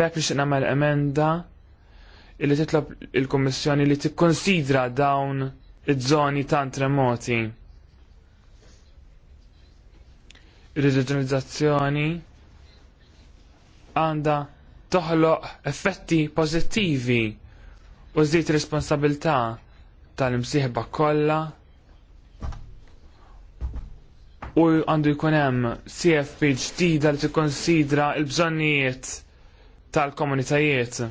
Bekk biex nagħmel emenda illi titlob il-Kummissjoni li tikkonsidra dawn iż-żoni tant remoti. ir għandha toħloq effetti pożittivi u żdied responsabilità tal-imsieħba kollha u għandu jkun hemm CFP ġdida li tikkonsidra l-bżonnijiet tal-komunitajiet.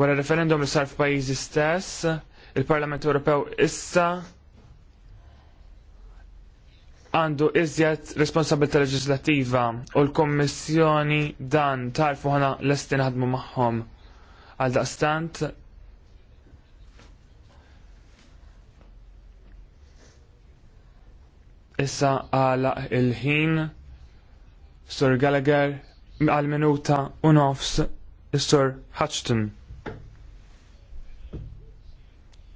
Wara referendum li sar f'pajjiżi stess, il-Parlament Ewropew issa għandu iżjed responsabilità leġislattiva u l-Kommissjoni dan tarfu ħana l-estin ħadmu maħħom għal daqstant issa għala il-ħin Sir Gallagher għal minuta u nofs Sir Hutchton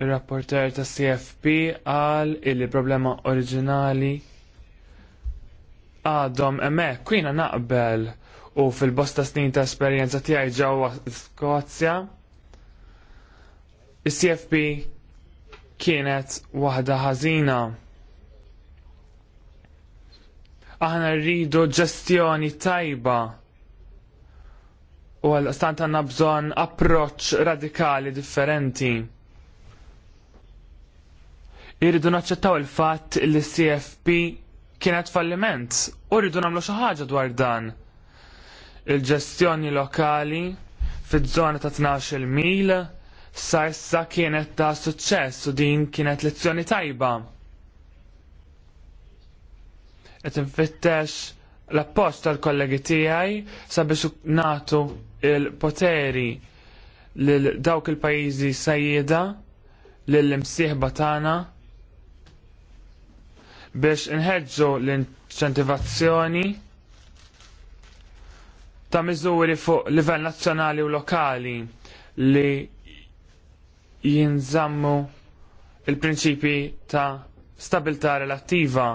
il-rapporter ta' CFP għal il-problema oriġinali għadhom emmek, kwina naqbel u fil-bosta snin ta' esperjenza tiegħi ġewwa Skozja. Is-CFP kienet waħda ħażina. Aħna rridu ġestjoni tajba u għal-stant għanna bżon approċ radikali differenti. Irridu naċċettaw il-fatt li CFP kienet falliment u rridu nagħmlu xi ħaġa dwar dan. Il-ġestjoni lokali fiż-żona ta' 12 mil sa issa kienet ta' suċċess u din kienet lezzjoni tajba. Qed infittex l-appoġġ tal-kollegi tiegħi sabiex nagħtu il-poteri lil dawk il-pajjiżi sajjieda lill-imsieħba tagħna biex inħeġġu l-inċentivazzjoni ta' miżuri fuq livell nazzjonali u lokali li jinżammu il-prinċipi ta' stabilità relattiva.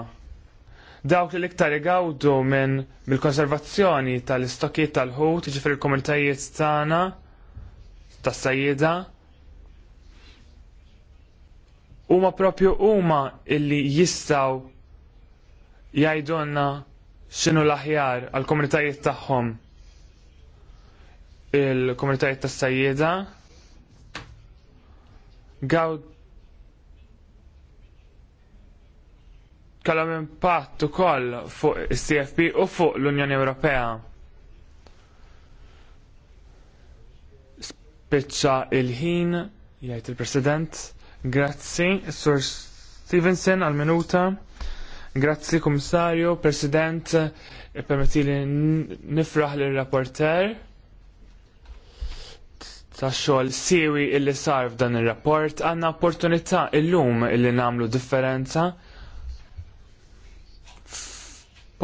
Dawk li liktar iktar igawdu minn bil-konservazzjoni tal-istokiet tal-ħut, ġifir il-komunitajiet tagħna ta' sajjeda huma propju huma illi jistgħu jajdonna x'inhu l-aħjar għall komunitajiet tagħhom il-komunitajiet tas-sajjieda gaw kellhom impatt ukoll fuq is-CFP u fuq l-Unjoni Ewropea. Spiċċa il-ħin, jgħid il-President, grazzi, Sur Stevenson għal-minuta. Grazzi Komissarju, President, e permetti li nifraħ l rapporter ta' xogħol siwi illi sar f'dan ir-rapport għandna opportunità illum illi nagħmlu differenza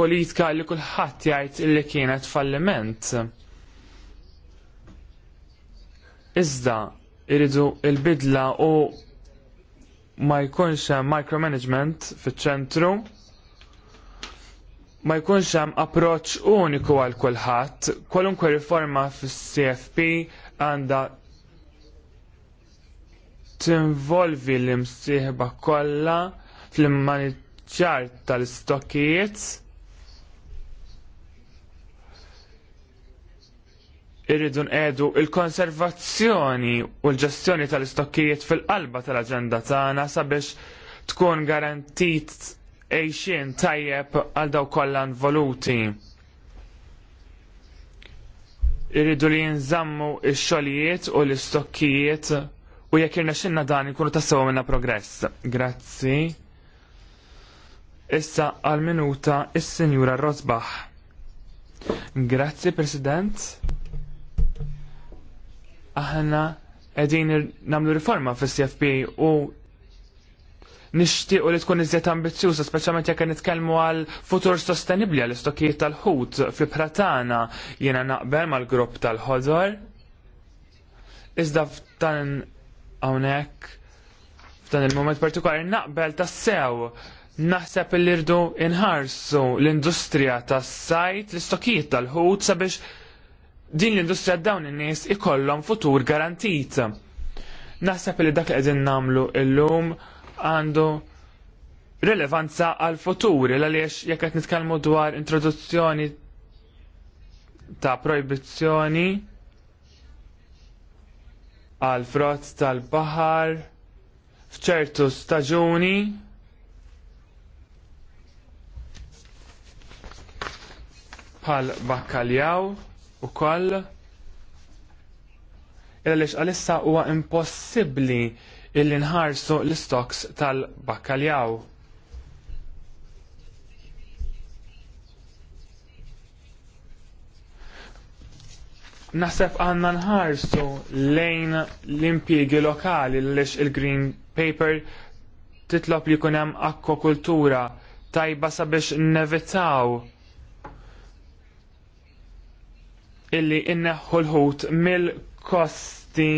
politika li kulħadd jgħid illi kienet falliment. Iżda iridu il-bidla u ma jkunx micromanagement fiċ-ċentru ma jkunx hemm approċċ uniku għal kulħadd, kwalunkwe riforma fis-CFP għandha tinvolvi l-imsieħba kollha fl-immaniċċar tal-istokkijiet irridu nqedu il-konservazzjoni u l-ġestjoni tal-istokkijiet fil-qalba tal-aġenda tagħna sabiex tkun garantit ejxin tajjeb għal daw kollha involuti. Irridu li jinżammu x-xogħlijiet u l-istokkijiet u jekk xinna dan ikunu tassew minna progress. Grazzi. Issa għal minuta is-Sinjura Rosbach. Grazzi President. Aħna qegħdin nagħmlu riforma fis-CFP u nixtiequ li tkun iżjed ambizzjuża, speċjalment jekk nitkellmu għal futur sostenibbli għall istokkijiet tal-ħut fi pratana jiena naqbel mal-grupp tal-ħodor. Iżda f'dan hawnhekk f'dan il-moment partikolari naqbel tas-sew naħseb li rdu inħarsu l-industrija tas-sajt l-istokkijiet tal-ħut sabiex din l-industrija dawn in-nies ikollhom futur garantit. Naħseb li dak li qegħdin nagħmlu illum għandu rilevanza għal futur għaliex jekk qed nitkellmu dwar introduzzjoni ta' proibizzjoni għal frott tal-baħar f'ċertu staġuni bħal bakkaljaw u koll għalissa huwa impossibbli illi nħarsu l-istoks tal-bakkaljaw. Naseb għanna nħarsu lejn l-impiegi lokali lix il-Green Paper titlob li kunem akwakultura tajba sabiex nevitaw illi inneħħu l-ħut mill-kosti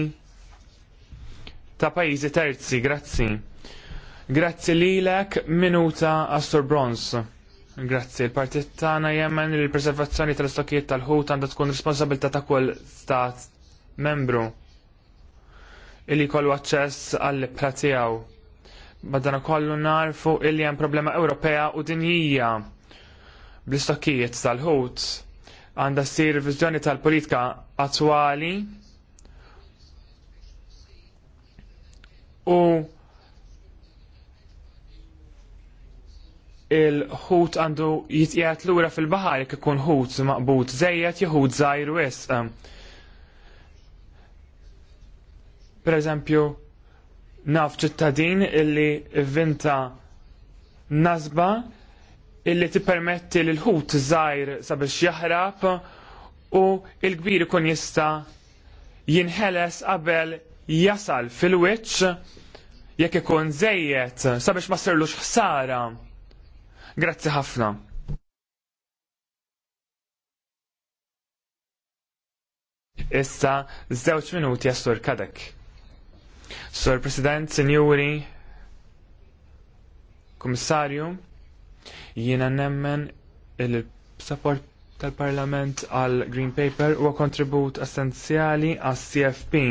ta' pajjiżi terzi. Grazzi. Grazzi lilek minuta Astor Bronz. Grazzi, il-partit tagħna jemmen li l-preservazzjoni tal-istokijiet tal-ħut għandha tkun responsabilità ta' kull stat membru illi kollu aċċess għall tiegħu. Madankollu kollu narfu illi hemm problema Ewropea u dinjija bl-istokkijiet tal-ħut għandha ssir viżjoni tal-politika attwali u il-ħut għandu jitqiegħed lura fil-baħar jekk ikun ħut maqbut żejjed jeħud żgħir wisq. Pereżempju, naf ċittadin illi vinta nazba illi tippermetti l ħut żgħir sabiex jaħrab u l kbir ikun jista' jinħeles qabel jasal fil-wiċċ jekk ikun żejjed sabiex ma serlux ħsara. Grazzi ħafna. Issa, żewġ minuti għas-sur kadek. Sur President, Sinjuri, Komissarju, jiena nemmen il-support tal-Parlament għal Green Paper huwa kontribut essenzjali għas CFP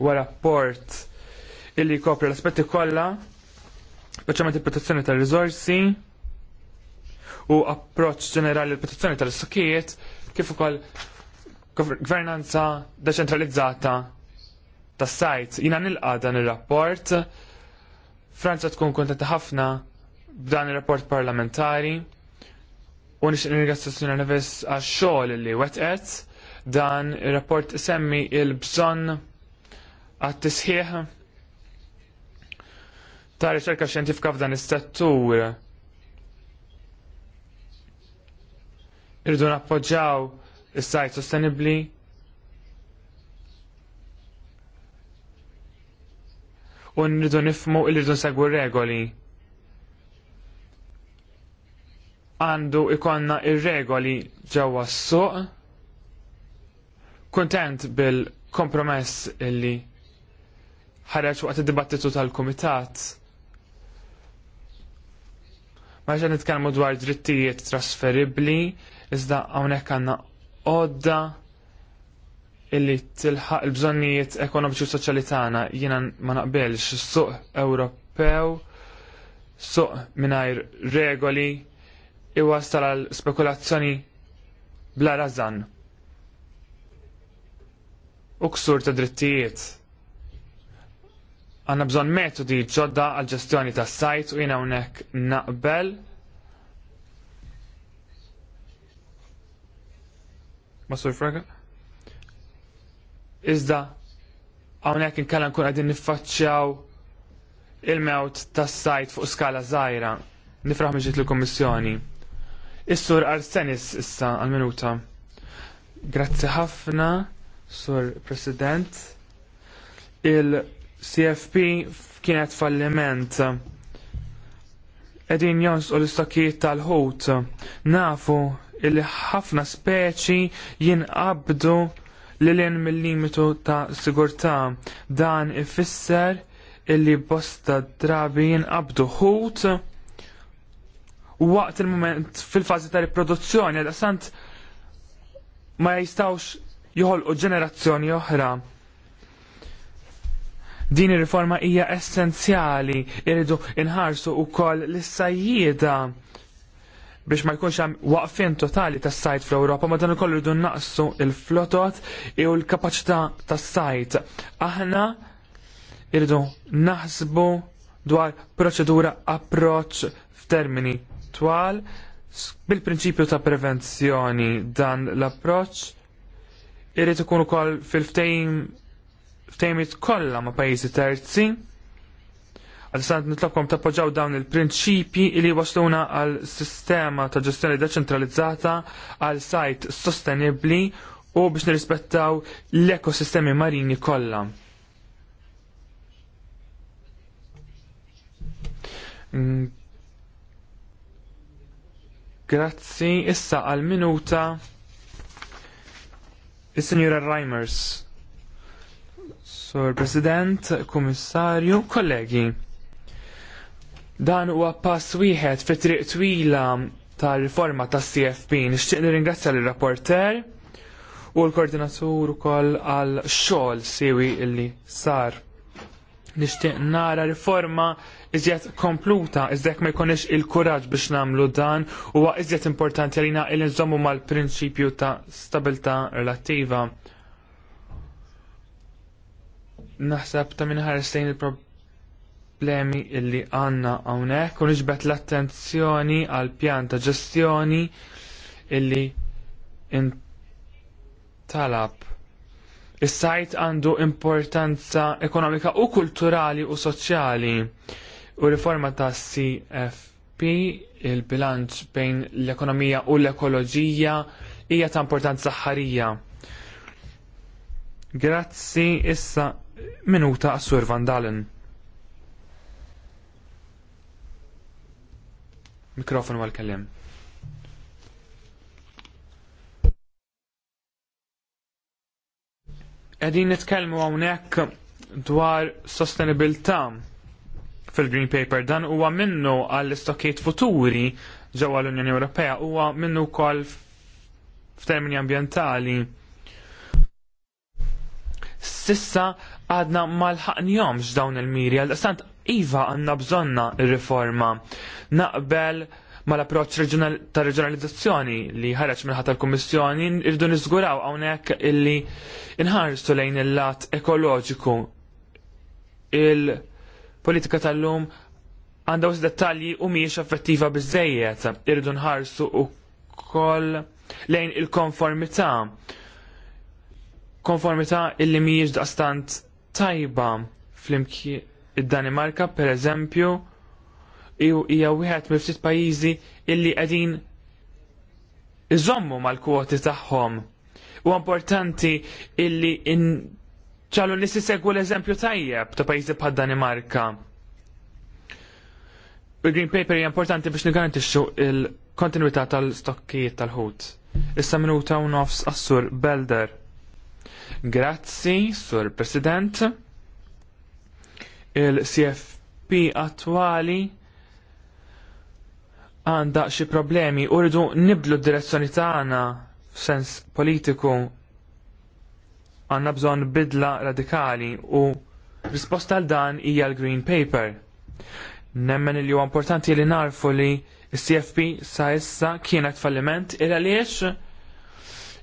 wara rapport illi jkopri l-aspetti kollha, speċjalment il-protezzjoni tal-riżorsi u approċċ ġenerali l-protezzjoni tal-istokijiet kif ukoll gvernanza deċentralizzata tas-sajt. Jina nilqa dan ir-rapport. Franza tkun kontenta ħafna b'dan ir-rapport parlamentari u nixtieq nirgazza Sinjor għax-xogħol li wetqet dan ir-rapport semmi il-bżonn għat-tisħieħ ta' riċerka xjentifika f'dan is-settur. Irdu nappoġġaw is-sajt sostenibbli. U nridu nifmu il irdu nsegwu regoli. Għandu ikonna ir-regoli ġewwa s-suq. Kuntent bil-kompromess illi ħareġ waqt id-dibattitu tal-Kumitat. Ma ġan nitkellmu dwar drittijiet trasferibbli, iżda hawnhekk għandna għodda illi tilħaq il-bżonnijiet ekonomiċi u soċjali tagħna jiena ma naqbelx suq Ewropew suq mingħajr regoli iwassal għal spekulazzjoni bla razan. U ksur ta' drittijiet. Għanna bżon metodi ġodda għal ġestjoni tas sajt u jina unek naqbel Ma frega? Iżda għawnek nkalla nkun għadin nifacċaw il-mewt tas sajt fuq skala zaħira. Nifraħ meġiet l komissjoni Is-sur Arsenis issa għal-minuta. Grazzi ħafna, sur President. Il- CFP kienet falliment. Edin u l-istakiet tal-ħut. Nafu illi ħafna speċi jinqabdu lilin mill-limitu ta' sigurtà. Dan ifisser illi bosta drabi jinqabdu ħut waqt il-moment fil-fazi ta' riproduzzjoni, għal-sant ma jistawx joħolqu ġenerazzjoni oħra Din ir-riforma hija essenzjali, irridu inħarsu wkoll l-sajjieda biex ma jkunx hemm waqfin totali tas-sajt fl-Ewropa, ma dan ukoll irridu naqsu l flotot u l-kapaċità tas-sajt. Aħna irridu naħsbu dwar proċedura approċċ f'termini twal bil-prinċipju ta' prevenzjoni dan l-approċ irrid ikun ukoll fil-ftehim ftejmit kollha ma' pajjiżi terzi. Għadisant nitlobkom tappoġġaw dawn il-prinċipji li wasluna għal sistema ta' ġestjoni deċentralizzata għal sajt sostenibli u biex nirrispettaw l-ekosistemi marini kollha. Mm. Grazzi, issa għal minuta is-Sinjura Reimers. Sur President, Kummissarju, kollegi. Dan huwa pass wieħed fi triq twila tal-riforma tas-CFP. Nixtieq nirringrazzja l-rapporter u l-koordinatur ukoll għal xogħol siwi illi sar. Nixtieq nara riforma iżjed kompluta, iżjed ma jkunix il-kuraġġ biex nagħmlu dan huwa iżjed importanti għalina il nżommu mal-prinċipju ta' stabilta relattiva. Naħseb ta' minħar stejn il-problemi illi għanna għawnek u iġbet l-attenzjoni għal pjan ta' ġestjoni illi intalab. Is-sajt għandu importanza ekonomika u kulturali u soċjali u riforma ta' CFP il-bilanċ bejn l-ekonomija u l-ekoloġija hija ta' importanza ħarija. Grazzi issa Minuta għas-Sur Van Dalen. Mikrofon għal-kellim. Għedin nitkellmu hawnhekk dwar sostenibilità fil-Green Paper dan huwa minnu għall istokiet futuri ġewwa l-Unjoni Ewropea huwa minnu wkoll f'termini ambjentali. Sissa għadna malħaqnjomx dawn il-miri, għal-istant iva għanna bżonna riforma naqbel mal-approċ ta' reġjonalizzazzjoni li ħareġ minn ħadd il-Kummissjoni irdu niżguraw hawnhekk illi inħarsu lejn il-lat ekoloġiku il-politika tal-lum għandha wis dettalji u mhijiex effettiva biżejjed irdu nħarsu ukoll lejn il-konformità konformità illi mhijiex daqstant tajba fl-imkien id-Danimarka per eżempju hija wieħed mill ftit pajjiżi illi qegħdin iżommu mal-kwoti tagħhom. U importanti illi ċalu nis segwu l-eżempju tajjeb ta' pajjiżi bħad Danimarka. Il-Green Paper hija importanti biex nigarantixxu il-kontinuità tal-stokkijiet tal-ħut. Issa minuta u nofs assur Belder. Grazzi, Sur President. Il-CFP attwali għanda xi problemi u rridu nibdlu d-direzzjoni tagħna f'sens politiku għandna bżonn bidla radikali u risposta għal dan hija l-Green Paper. Nemmen li huwa importanti li narfu li s-CFP sa issa kienet falliment il għaliex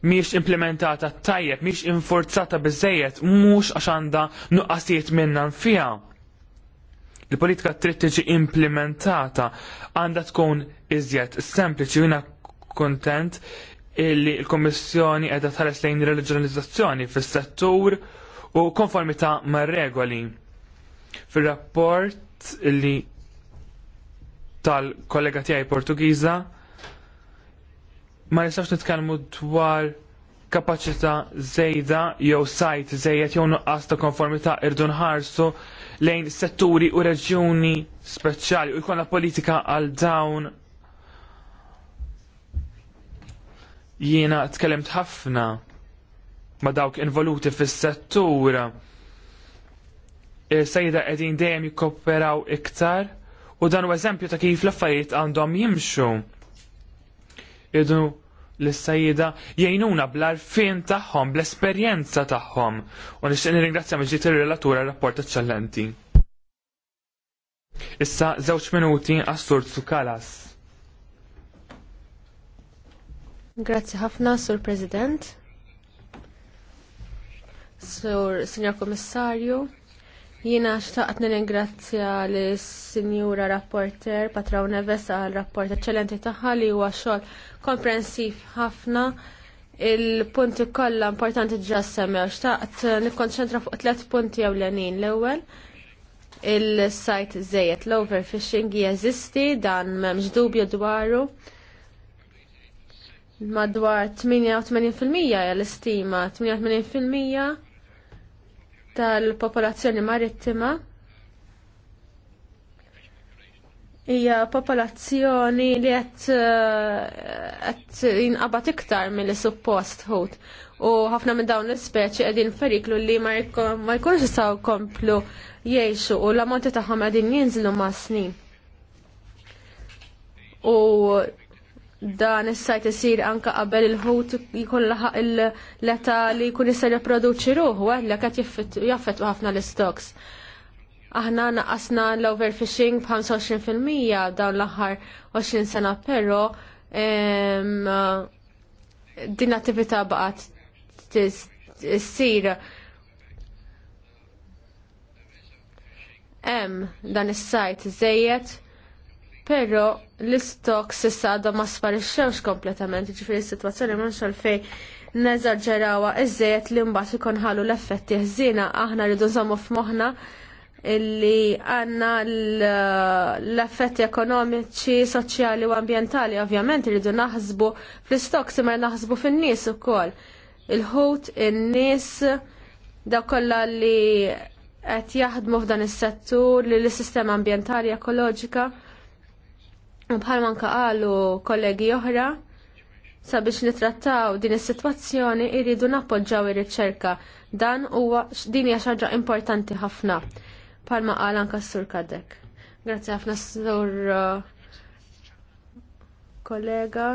miex implementata tajjeb, miex inforzata bizzejiet, mhux għax għandha nuqqasijiet minna fiha. Il-politika trid tiġi implementata għandha tkun iżjed sempliċi jiena kontent illi l-Kommissjoni qiegħda tħares lejn reġjonalizzazzjoni fis-settur u konformità mar-regoli. Fir-rapport illi tal-kollega tiegħi Portugiża ma nistax nitkellmu dwar kapaċità żejda jew sajt żejjed jew nuqqas ta' konformità irdu nħarsu lejn setturi u reġjuni speċjali u jkollna politika għal dawn jiena tkellimt ħafna ma dawk involuti fis-settur sejda qegħdin dejjem jikkoperaw iktar u dan u eżempju ta' kif l-affarijiet għandhom jimxu idu l-sajjida jgħinuna bl-arfin tagħhom, bl-esperjenza tagħhom. U nixtieq nirringrazzja mill ġiet ir-relatura rapport eccellenti. Issa żewġ minuti għas-Sur Tsukalas. Grazzi ħafna, Sur President. Sur Signor Kommissarju, Jiena xtaqt nirringrazzja lis sinjura rapporter Patraw Neves għal rapport eċċellenti tagħha li huwa xogħol komprensiv ħafna il-punti kollha importanti ġa semmew. Xtaqt nikkonċentra fuq tliet punti ewlenin l-ewwel il-sajt żejjed l-overfishing jeżisti dan m'hemmx dubju dwaru madwar 88% hija l-istima, 88% tal-popolazzjoni marittima hija popolazzjoni li qed eh, jinqabad iktar mill suppost ħut u ħafna minn dawn l-ispeċi qegħdin feriklu li ma jkunx jistgħu komplu jgħixu u l-ammonti tagħhom qegħdin jinżlu ma' snin. U dan is-sajt isir anka qabel il-ħut jkun laħaq il-leta li jkun jista' jipproduċi ruħu għalhekk eh, qed jaffet ħafna l-istoks. Aħna naqasna l-overfishing b'25% dawn l-aħħar 20 sena, però din attività baqgħet issir hemm dan is-sajt żejjed Pero l-istok sissa għadha ma sparixxewx kompletament, ġifieri s-sitwazzjoni m'hemmx għalfejn neżaġġerawha iżejjed li mbagħad ikun ħalu l-effetti ħżiena aħna rridu nżommu f'moħħna illi għanna l-effetti ekonomiċi, soċjali u ambjentali ovvjament rridu naħsbu fl istok imma naħsbu fin-nies ukoll. Il-ħut, in-nies, da kollha li qed jaħdmu f'dan is-settur li l-sistema ambjentali ekoloġika bħal manka qalu kollegi oħra sabiex nitrattaw din is-sitwazzjoni irridu nappoġġaw ir-riċerka. Dan huwa din hija xaġa importanti ħafna. Palma qal anke s-sur Kadek. Grazzi ħafna s-sur uh, kollega,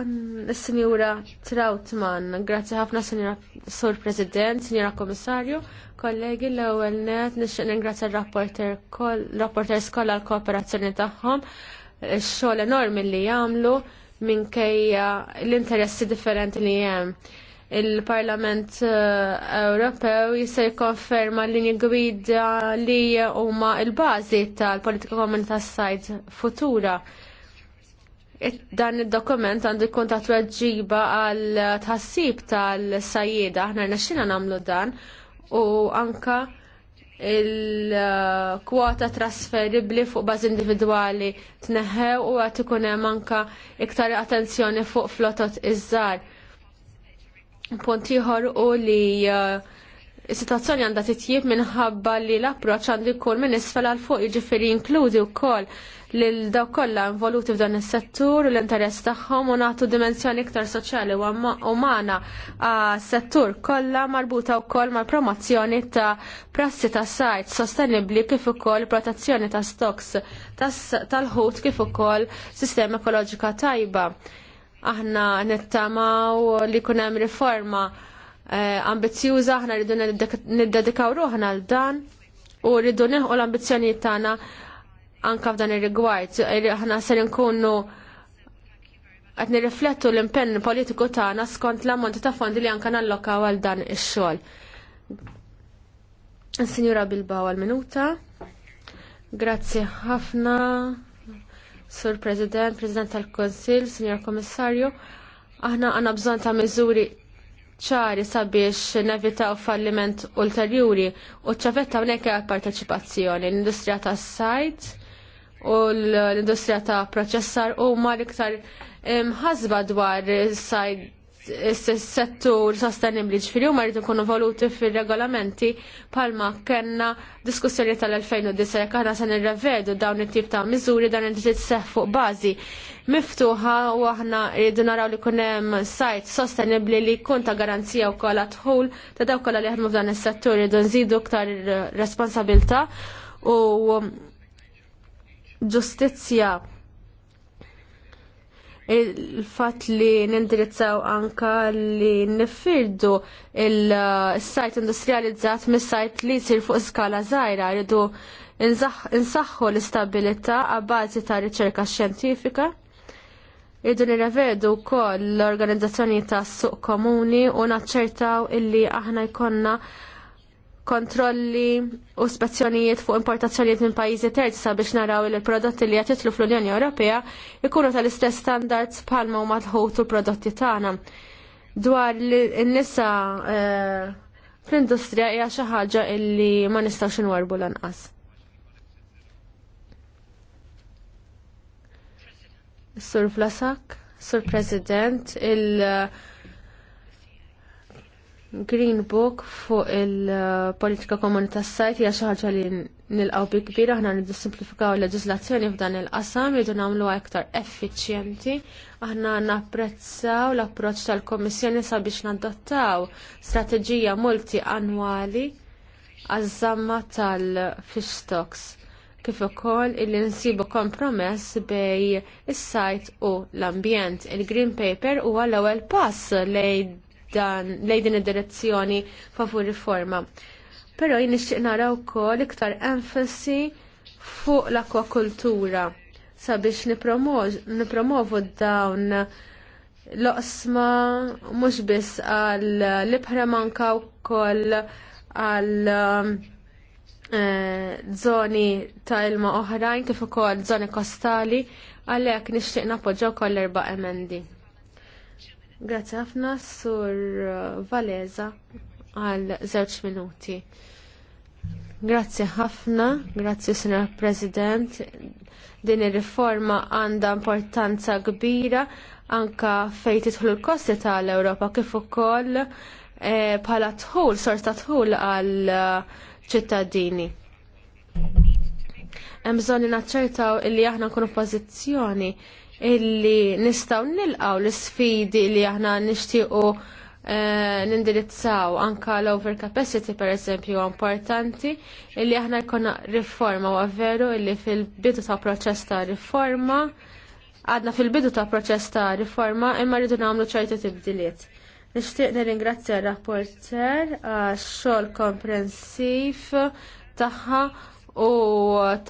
s-sinjura Trautman. Grazzi ħafna s-sur President, s-sinjura Komissarju, kollegi l-ewwel net nixtieq ningrazzja r-rapporter kollha l-kooperazzjoni tagħhom xogħol enormi li jagħmlu minkejja l-interessi differenti li hemm. Il-Parlament eh, Ewropew jista' jikkonferma linji gwida li huma l-bażi tal-politika komunità sajd futura dan il-dokument għandu jkun ta' tweġiba għal tħassib tal sajjieda aħna rnexxina nagħmlu dan u anka il-kwota trasferibli fuq baż individwali tneħħew u għat ikun hemm anke iktar attenzjoni fuq flotot iż-żgħar. Punt ieħor u li uh, Is-sitwazzjoni għandha titjib minħabba li l-approċċ għandu jkun minn isfel għal fuq jiġifieri jinkludi wkoll lil daw kollha involuti f'dan is-settur u l-interess tagħhom u nagħtu dimensjoni iktar soċjali u umana għas-settur kollha marbuta wkoll mal-promozzjoni ta' prassi ta' sajt sostenibbli kif ukoll protezzjoni ta' stocks tal-ħut kif ukoll sistema ekoloġika tajba. Aħna nittamaw li jkun hemm riforma Eh, ambizjuża, aħna rridu niddedikaw ruħna għal dan u rridu nħu l-ambizzjonijiet tagħna anka f'dan ir-rigward. Eh, aħna ser nkunu qed nirriflettu l-impenn politiku tagħna skont l-ammonti ta' fondi li anka nallokaw għal dan ix-xogħol. Signora Bilbao għal minuta. Grazzi ħafna. Sur President, President tal-Konsil, Signor Komissarju, aħna għanna bżon ta' miżuri ċari sabiex nevitaw falliment ulterjuri u ċavetta unek partecipazzjoni l-industrija ta' sajt u l-industrija ta' proċessar u ma l-iktar ħazba dwar sajt settur sostenibli ġifiri u marritu kunu voluti fil-regolamenti palma kena diskussjoni tal-2009 jek sen se revedu dawn it-tip ta' miżuri dan it-tip fuq bażi miftuħa u aħna rridu naraw li jkun hemm sajt sostenibbli li jkun ta' garanzija wkoll għadħul ta' dawk kollha li jaħdmu f'dan is-settur rridu nżidu aktar responsabilità u ġustizzja il-fat li nindirizzaw anka li nifirdu il-sajt industrializzat mis sajt li jsir fuq skala zaħira rridu nsaħħu l-istabilita għabbażi ta' riċerka xjentifika Irdu nirrevedu wkoll l-organizzazzjoni ta' suq komuni u naċċertaw illi aħna jkollna kontrolli u spezzjonijiet fuq importazzjonijiet minn pajjiżi terzi sabiex naraw il l-prodotti li qed fl-Unjoni Ewropea jkunu tal-istess standards bħalma huma l prodotti tagħna. Dwar n-nisa eh, fl-industrija hija xi ħaġa illi ma nistgħux inwarbu lanqas. Sur Vlasak, Sur President, il- uh, Green Book fuq il-politika uh, komuni tas sajt hija xi ħaġa li nilqgħu bi kbir aħna nridu simplifikaw il-leġislazzjoni f'dan il-qasam jridu nagħmluha iktar effiċjenti. Aħna napprezzaw l-approċċ tal-Kommissjoni sabiex nadottaw strateġija multi annwali għaż-żamma tal-fish stocks kif ukoll illi nsibu kompromess bej is-sajt u l-ambjent. Il-Green Paper huwa l-ewwel pass lejn din id-direzzjoni favur riforma. Però jien nixtieq nara wkoll iktar enfasi fuq l-akwakultura sabiex nipromovu dawn l-oqsma mhux biss għall libħra manka wkoll għal Eh, zoni ta' ilma oħrajn kif ukoll zoni kostali għalhekk nixtieq wkoll koll erba' emendi. Grazzi ħafna sur Valeza għal żewġ minuti. Grazzi ħafna, grazzi Sr. President. Din ir-riforma għandha importanza kbira anka fejn tidħlu l-kosti tal-Ewropa kif ukoll eh, bħala tħul, sorta tħul għal ċittadini. Hemm bżonn naċċertaw illi aħna nkunu pozizjoni illi nistgħu nilqgħu l-isfidi li aħna nixtiequ eh, nindirizzaw anka l-overcapacity per eżempju importanti illi aħna jkollna riforma u veru illi fil-bidu ta' proċess ta' riforma għadna fil-bidu ta' proċess ta' riforma imma rridu nagħmlu ċerti tibdiliet. Nixtieq nirringrazzja r-rapporter għax-xogħol komprensiv tagħha u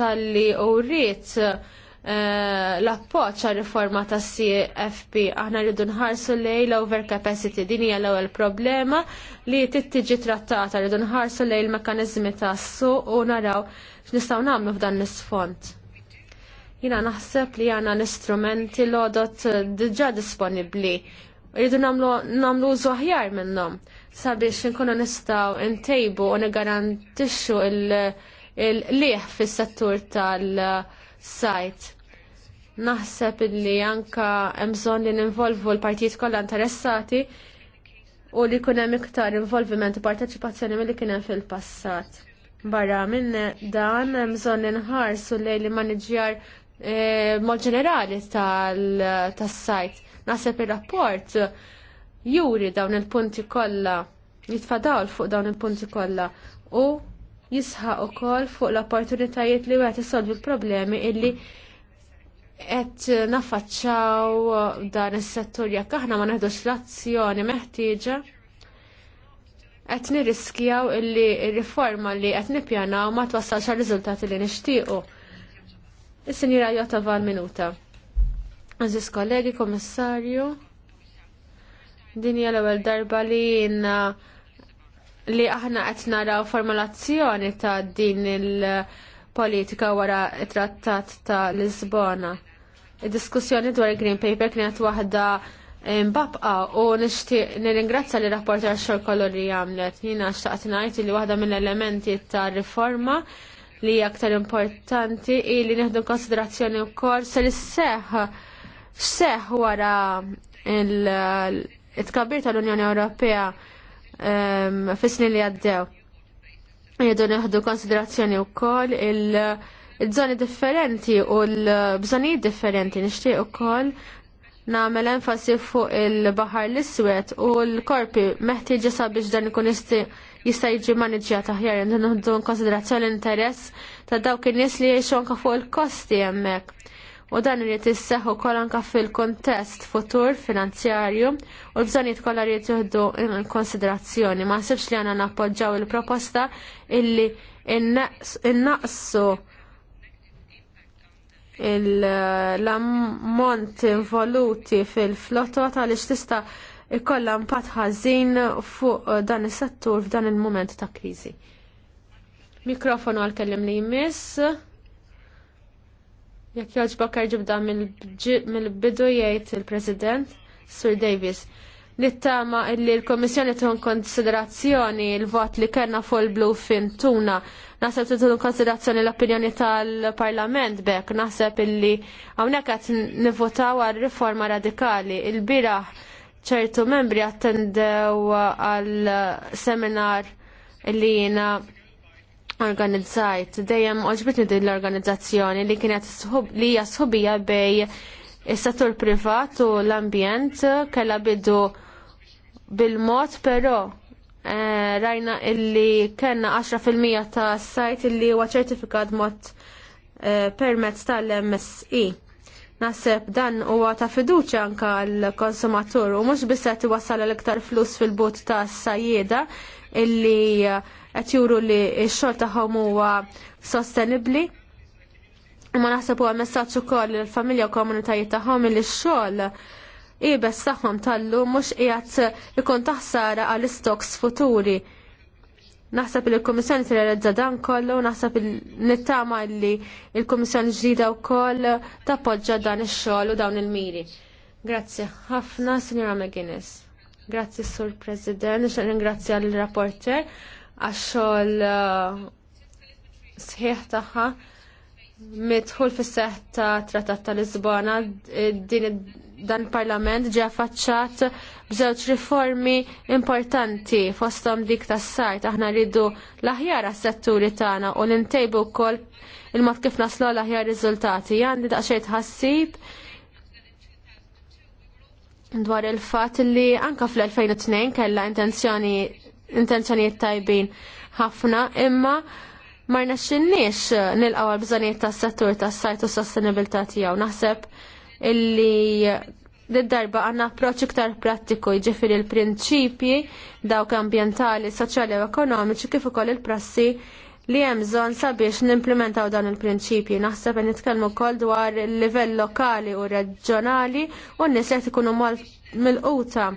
tal-li uriet eh, l-appoċ għal riforma ta' CFP. Aħna rridu nħarsu lej l-overcapacity. Din hija l-ewwel problema li tittiġi trattata. Rridu nħarsu lej l-mekkaniżmi tas su u naraw x'nistgħu nagħmlu f'dan l-isfond. Jina naħseb li għana l-istrumenti l-odot diġa disponibli Irridu nagħmlu użu aħjar minnhom sabiex inkunu nistgħu ntejbu u niggarantixxu il-lieħ fis-settur tal-sajt. Naħseb illi anka hemm bżonn li ninvolvu l-partijiet kollha interessati u li jkun hemm iktar involviment u parteċipazzjoni milli kien hemm fil-passat. Barra minn dan hemm bżonn inħarsu lejn li maniġjar eh, mod ġenerali tas-sajt Naħseb ir-rapport juri dawn il-punti kollha jitfadaw fuq dawn il-punti kollha u jisħaq ukoll fuq l-opportunitajiet li wieħed isolvi l-problemi illi qed nafacċaw dan is-settur jekk aħna ma neħdux l-azzjoni meħtieġa qed nirriskjaw illi r-riforma li qed nippjanaw ma twassalx għar-riżultati li nixtiequ. is senjira Jota val minuta. Aziz kollegi, komissarju, din hija l-ewwel darba li jina li aħna qed naraw formulazzjoni ta' din il-politika wara t trattat ta' Lisbona. Id-diskussjoni dwar il-Green Paper kienet waħda Mbabqa u nishtiq nirringrazzja li rapporti għaxxor kollu li għamlet. Jina xtaqt najt li waħda mill-elementi ta' riforma li aktar importanti i li neħdu konsiderazzjoni u kol ser seħ x'seħħ wara il-tkabbir tal-Unjoni Ewropea fis-snin li għaddew. Jedu neħdu konsiderazzjoni wkoll il-żoni differenti u l-bżonijiet differenti nixtieq ukoll nagħmel enfasi fuq il-Baħar l-Iswed u l-korpi meħtieġa sabiex dan ikun jista' jiġi maniġġjat aħjar jedu konsiderazzjoni l-interess ta' dawk in-nies li jgħixu anke fuq il-kosti hemmhekk u dan irid isseħħ ukoll anke fil-kontest futur finanzjarju u l-bżonnijiet kollha jrid jieħdu konsiderazzjoni. Ma nsibx li għandna nappoġġaw il-proposta illi innaqsu l-ammont involuti fil flotta għaliex tista' ikollha impatt ħażin fuq dan is-settur f'dan il-mument ta' kriżi. Mikrofonu għal-kellim li jmiss. Jekk jogħġbok ġibda mill-bidu jgħid il-President Sir Davis. Nittama illi l-Komissjoni tuħun konsiderazzjoni l-vot li kellna fuq il-Bluefin tuna. Naħseb tħun konsiderazzjoni l-opinjoni tal-Parlament bekk. Naħseb illi hawnhekk qed nivvotaw għal riforma radikali. il bira ċertu membri attendew għal seminar illi jina organizzajt. Dejjem oġbitni din l-organizzazzjoni li kienet li hija sħubija bej is-settur privat u l-ambjent kellha bidu bil-mod però eh, rajna illi kellna 10% ta' sajt illi huwa ċertifikat mod eh, permezz tal-MSI. Naħseb dan huwa ta' fiduċja anke l-konsumatur u mhux biss qed iwassal l-iktar flus fil-but tas sajjieda illi eh, qed juru li x-xogħol tagħhom huwa sostenibbli. U ma naħseb huwa messaġġ ukoll lill-familja u komunitajiet tagħhom li x-xogħol ibes tagħhom lum mhux qiegħed ikun taħsara għal istoks futuri. Naħseb li l-Komissjoni tirrealizza dan kollu, naħseb nittama li l-Komissjoni ġdida wkoll tappoġġa dan ix-xogħol u dawn il-miri. Grazzi ħafna, Signora McGuinness. Grazzi Sur President, nixtieq ringrazzja l-rapporter għax uh, sħiħ tagħha mitħul fis-seħħ ta' tratat ta' Lisbona din dan parlament ġie affaċċat b'żewġ riformi importanti fosthom dik tas-sajt aħna rridu l-aħjar għas-setturi tagħna u nintejbu wkoll il-mod kif naslu l-aħjar riżultati. Għandi daqsxejn tħassib dwar il-fat li anka fl-2002 kella intenzjoni intenzjonijiet tajbin ħafna, imma ma rnexxinniex eh, nilqaw għal bżonijiet tas-settur tas-sajt u s-sostenibilità tiegħu. Naħseb illi darba għandna approċ iktar prattiku ġifiri l-prinċipji dawk ambjentali, soċjali u ekonomiċi kif ukoll il-prassi li hemm bżonn sabiex nimplementaw dan il-prinċipji. Naħseb li nitkellmu wkoll dwar il-livell lokali u reġjonali u n-nies qed ikunu mal-milquta.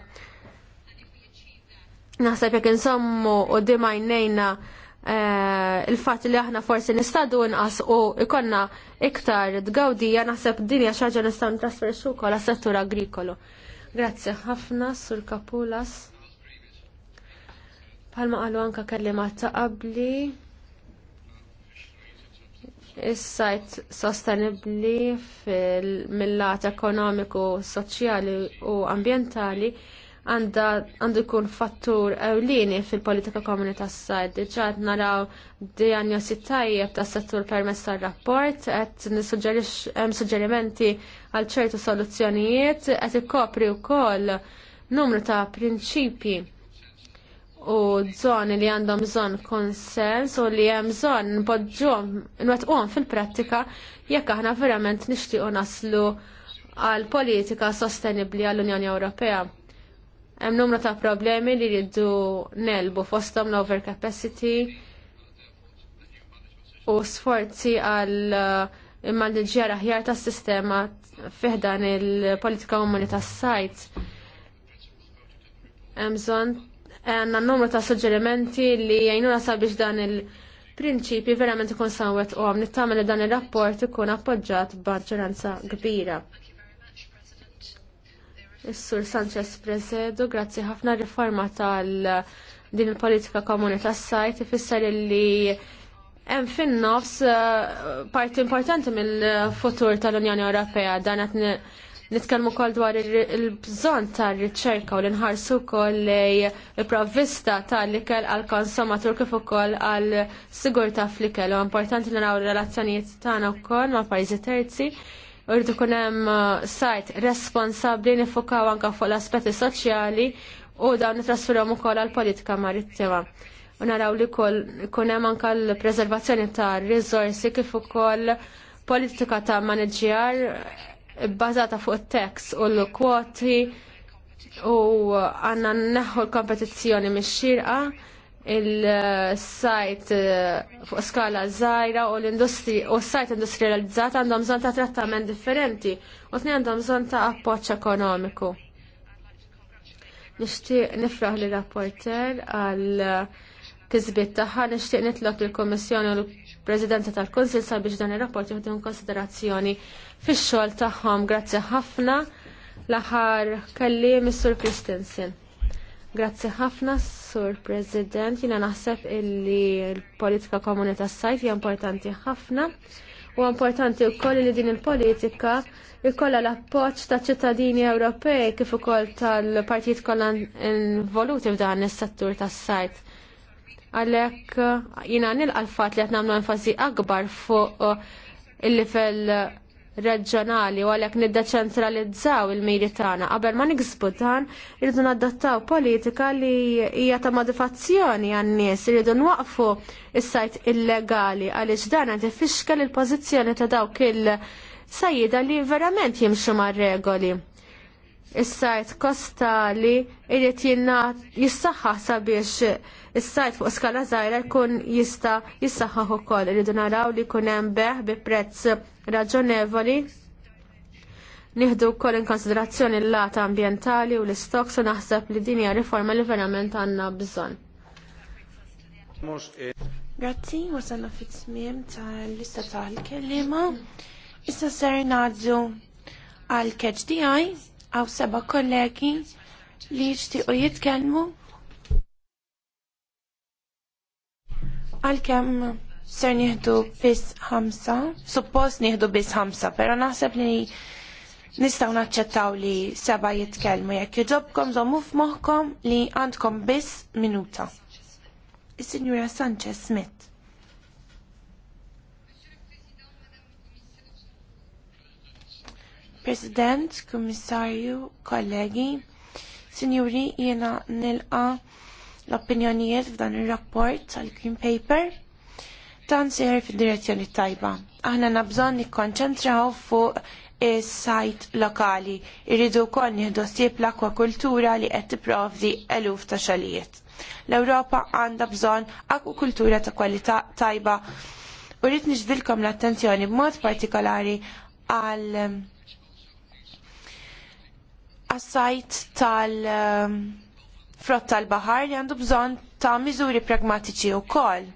Naħseb jekk insommu u dimajnejna eh, il-fat li aħna forsi nistadu nqas u ikonna iktar tgawdija naħseb dinja xaġa nistgħu nitrasferxu wkoll għas-settur agrikolu. Grazzi ħafna sur Kapulas. Palma qalu anka kellima ta' qabli. Is-sajt sostenibbli mill-lat ekonomiku, soċjali u ambjentali għandu jkun fattur ewlieni fil-politika komuni tas-sajd. Diġà qed naraw dijanjosi tajjeb tas-settur permess tar-rapport, qed nissuġġerix hemm suġġerimenti għal ċertu soluzzjonijiet, qed ikkopri wkoll numru ta' prinċipji u żoni li għandhom bżonn konsens u li hemm bżonn npoġġuhom nwettquhom fil-prattika jekk aħna verament nixtiequ naslu għal politika sostenibbli għall-Unjoni Ewropea. Hemm numru ta' problemi li jridu nelbu fosthom l-overcapacity u sforzi għal uh, imma l aħjar tas sistema fiħdan il-politika umani tas sajt Emżon, għanna numru ta' suġġerimenti li jgħinuna sabiex dan il-prinċipi verament ikun sanwet u għam nittamel dan il-rapport ikun appoġġat b'maġġoranza kbira. Is-Sur Sanchez Presedo, grazzi ħafna riforma tal- din il-politika komuni tas-sajt ifisser li hemm fin-nofs eh, parti importanti mill-futur tal-Unjoni Ewropea dan qed nitkellmu wkoll dwar il-bżonn tar-riċerka u l-inħarsu wkoll lej il-provvista tal-ikel għall konsumatur kif ukoll għall sigurtà fl-ikel u importanti naraw ir-relazzjonijiet tagħna wkoll ma' pajjiżi terzi Urdu kunem uh, sajt responsabli nifokaw anka fuq l-aspetti soċjali u dawn nitrasferhom ukoll għall-politika marittima. U naraw li kunem anka l-preservazzjoni ta' risorsi kif ukoll politika ta' manager bbażata fuq it-tax u l-kwoti u għanna neħu l-kompetizzjoni mix-xirqa il-sajt eh, fuq skala żgħira u l-industri u s-sajt industrializzat għandhom bżonn ta' trattament differenti u tnejn għandhom bżonn ta' appoġġ ekonomiku. Nixtieq nifraħ li rapporter għal kisbiet tagħha nixtieq nitlob lill-Kummissjoni u l-Presidenza tal kunsill sabiex dan ir-rapport jieħdu konsiderazzjoni fix-xogħol tagħhom. Grazzi ħafna l-aħħar kelli Mr. Christensen. Grazzi ħafna, Sur President. Jina naħseb illi l-politika komuni tas sajf hija importanti ħafna. U importanti wkoll li din il-politika jkollha l-appoġġ ta' ċittadini Ewropej kif ukoll tal-partijiet kollha involuti f'dan is-settur tas-sajt għalek jina nilqa l fatt li nagħmlu enfasi akbar fuq il-level reġjonali u għalhekk niddeċentralizzaw il-miri tagħna qabel ma niksbu dan irridu nadattaw politika li hija ta' modifazzjoni għan-nies irridu nwaqfu s sajt illegali għaliex dan qed ifixkel il-pożizzjoni ta' dawk il-sajjida li verament jimxu mar-regoli. Is-sajt kostali irid jissaħħa sabiex is-sajt fuq skala zaħira jkun jista' jissaħħaħ ukoll. Irridu naraw li jkun hemm beħ bi prezz raġonevoli. Nieħdu wkoll in konsiderazzjoni l-lata ambjentali u l-istoks u naħseb li din hija riforma li verament għandna bżonn. Grazzi, wasalna fit-tmiem tal-lista tal kelliema Issa ser nadżu għal di għaw seba kollegi li jixtiequ jitkellmu Għalkemm ser nieħdu bis ħamsa, suppost nieħdu bis ħamsa, pero naħseb li nistaw naċċettaw li seba jitkellmu jekk jġobkom żommu f'moħħkom li għandkom biss minuta. is Sanchez Smith. President, Kummissarju, kollegi, Sinjuri, jiena nilqa' l-opinjonijiet f'dan ir-rapport tal Green Paper dan seħer fid-direzzjoni tajba. Aħna nabżon nikkonċentraw fuq is-sajt lokali. Irridu wkoll nieħdu ssieb l-akwakultura li qed tipprovdi eluf ta' xalijiet. L-Ewropa għandha bżonn akwakultura ta' kwalità tajba. U rrid niġdilkom l-attenzjoni b'mod partikolari għal għas-sajt tal- frott tal-bahar li għandu bżon ta' miżuri pragmatiċi u kol.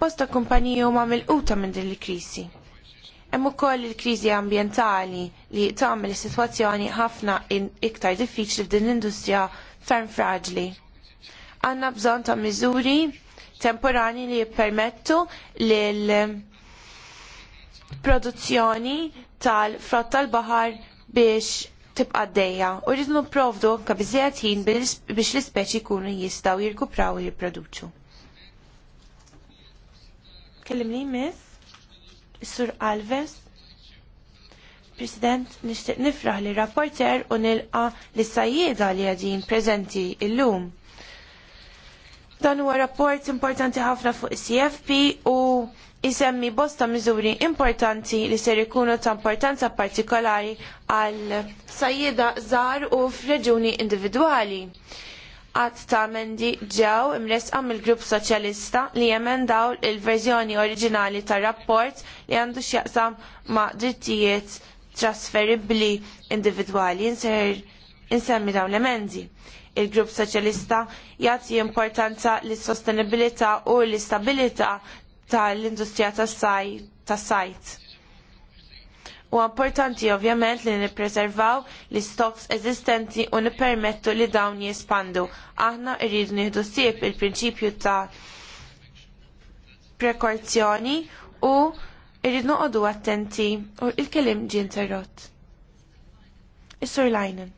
Bosta kumpaniju huma mill-quta minn din il-krisi. Hemm ukoll il-kriżi ambjentali li tagħmel is-sitwazzjoni ħafna iktar diffiċli f'din l-industrija ferm fraġli. Għandna bżonn ta' miżuri temporani li jippermettu lil produzzjoni tal-frott tal-baħar biex tibqa d-dejja u rridnu nipprovdu anke biżejjed ħin biex l-ispeċi jkunu jistgħu jirkupraw u jirproduċu. Kellimni miss, Sur Alves, President, nixtieq nifraħ li rapporter u nilqa l-sajjieda li għadin preżenti lum Dan huwa rapport importanti ħafna fuq CFP u isemmi bosta miżuri importanti li ser ikunu ta' importanza partikolari għal sajjida żgħar u f'reġuni individwali. Għad ta' mendi ġew imresqa mill-Grupp Soċjalista li jemendaw il-verżjoni oriġinali tar rapport li għandu x'jaqsam ma' drittijiet trasferibbli individwali. Inser insemmi dawn l-emendi il-Grupp Soċjalista jagħti importanza lis sostenibilità u l-istabilità tal-industrija tas-sajt. U importanti ovvjament li nippreservaw l istoks eżistenti u nippermettu li dawn jispandu. Aħna rridu nieħdu sieb il-prinċipju ta' prekorzjoni u rridu noqogħdu attenti u il-kelim ġie interrott. Is-Sur Lajnen.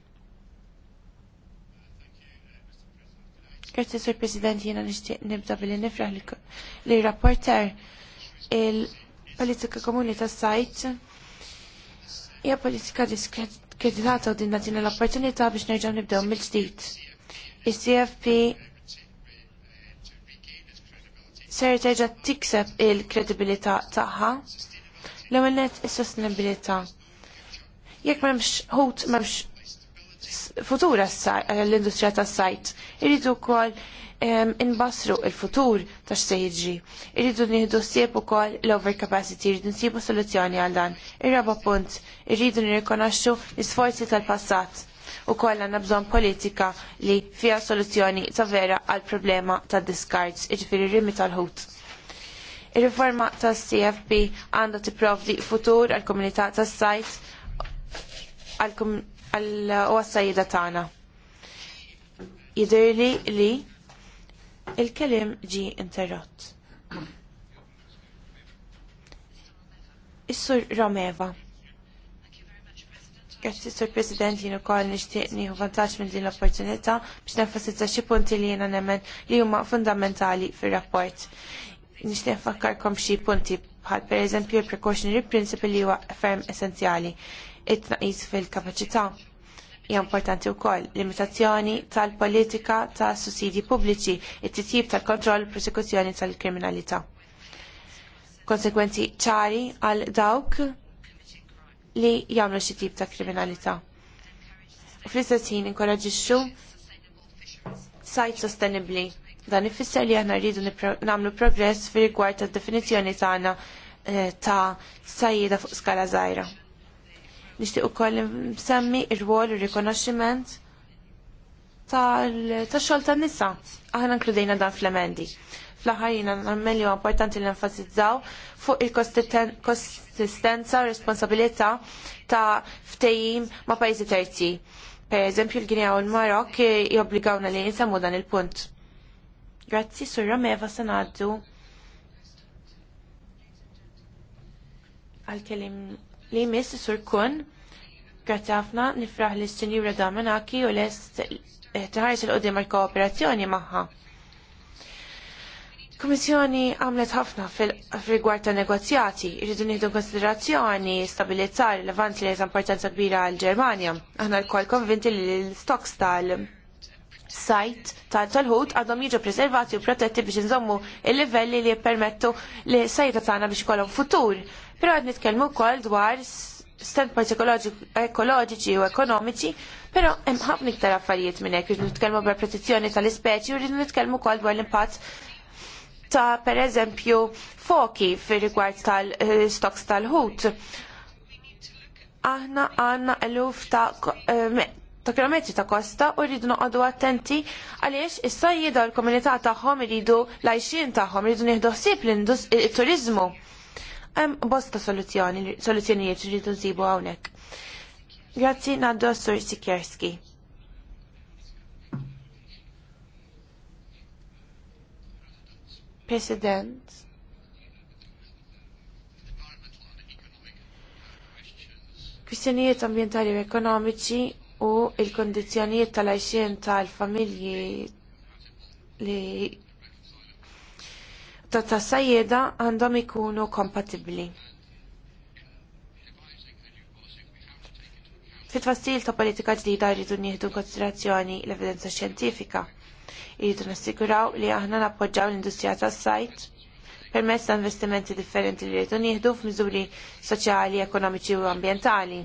Grazie, Sir President, jena nishtiq nibda billi nifraħ li rapporter il-politika komuni ta' sajt hija politika diskreditata u din natina l-opportunità biex nerġaw nibdew mill ġdijt Is-CFP ser terġa' tikseb il-kredibilità tagħha l-ewwel is-sostenibilità. Jekk m'hemmx hut m'hemmx futur l-industrija tas-sajt. Irridu wkoll inbasru il-futur tax se jiġri. Irridu nieħdu u ukoll l-overcapacity, irridu nsibu soluzzjoni għal dan. Ir-raba punt, irridu nirrikonoxxu l-isforzi tal-passat u koll għanna bżon politika li fija soluzzjoni ta' vera għal problema ta' discards, iġifiri rimi tal-ħut. Ir-riforma tas CFP għandha tipprovdi futur għal komunità tas-sajt għal komunità għal għas sajda tagħna. Jidirli li il-kelim ġi interrott. Is-sur Romeva. Grazzi sur President jien ukoll nixtieq nieħu vantaġġ minn din l-opportunità biex nenfasizza xi punti li jiena nemmen li huma fundamentali fir-rapport. Nixtieq nfakkarkom xi punti bħal pereżempju l-precautionary principle li huwa ferm essenzjali it-tnaqis fil-kapacità. Hija importanti wkoll limitazzjoni tal-politika ta' sussidji pubbliċi, it-titjib tal-kontroll prosekuzzjoni tal-kriminalità. Konsekwenzi ċari għal dawk li jagħmlu xi tip ta' kriminalità. U fl-istess ħin inkoraġixxu sajt sostenibbli dan ifisser li aħna rridu nagħmlu progress fir rigward tad-definizzjoni tagħna eh, ta' sajjida fuq skala żgħira. Nixtieq ukoll nsemmi r-wol u rikonoxximent tal-xogħol tan-nisa. Aħna nkludejna dan fl-emendi. Fl-aħħar jiena nagħmel importanti li nenfasizzaw fuq il-konsistenza u responsabilità ta' ftehim ma' pajjiżi terzi. Per eżempju, l-Ginea u l-Marok jobbligawna li nsemmu dan il-punt. Grazzi, Surra Meva sanaddu. Għal-kelim li miss, sur kun ħafna nifraħ li s-sinjura Damanaki u lest tħares il-qoddim għal-kooperazzjoni maħħa. Komissjoni għamlet ħafna fil-rigward ta' negozjati, irridu nieħdu konsiderazzjoni stabilizzar l avanzi li importanza kbira għal-Ġermanja. Aħna l-kol konvinti li l-stoks tal- sajt tal-ħut għadhom jiġu preservati u protetti biex nżommu il-livelli li jippermettu li sajta tagħna biex kollhom futur. Però qed nitkellmu wkoll dwar standpoints ekoloġiċi u ekonomiċi, però hemm ħafna iktar affarijiet minn hekk rridu nitkellmu dwar protezzjoni tal-ispeċi u rridu nitkellmu wkoll dwar l-impatt ta' pereżempju foki fir rigward tal-stocks tal-ħut. Aħna għandna eluf ta' eh, ta' kilometri ta' kosta u rridu noqogħdu attenti għaliex is-sajjieda l-komunità tagħhom iridu l-għajxin tagħhom iridu nieħdu ħsieb l-turizmu. Hemm bosta soluzzjoni, soluzzjonijiet irridu nsibu hawnhekk. Grazzi ngħaddu għas-Sur Sikjerski. President. Kwistjonijiet ambientali u ekonomiċi u l kundizzjonijiet tal-għajxien tal-familji li ta' ta' sajjeda għandhom ikunu kompatibbli. Fit tfassil ta' politika ġdida jridu nieħdu konsiderazzjoni l-evidenza xjentifika. Jridu nassiguraw li aħna nappoġġaw l-industrija tas-sajt permezz ta' investimenti differenti li jridu nieħdu f'miżuri soċjali, ekonomiċi u ambjentali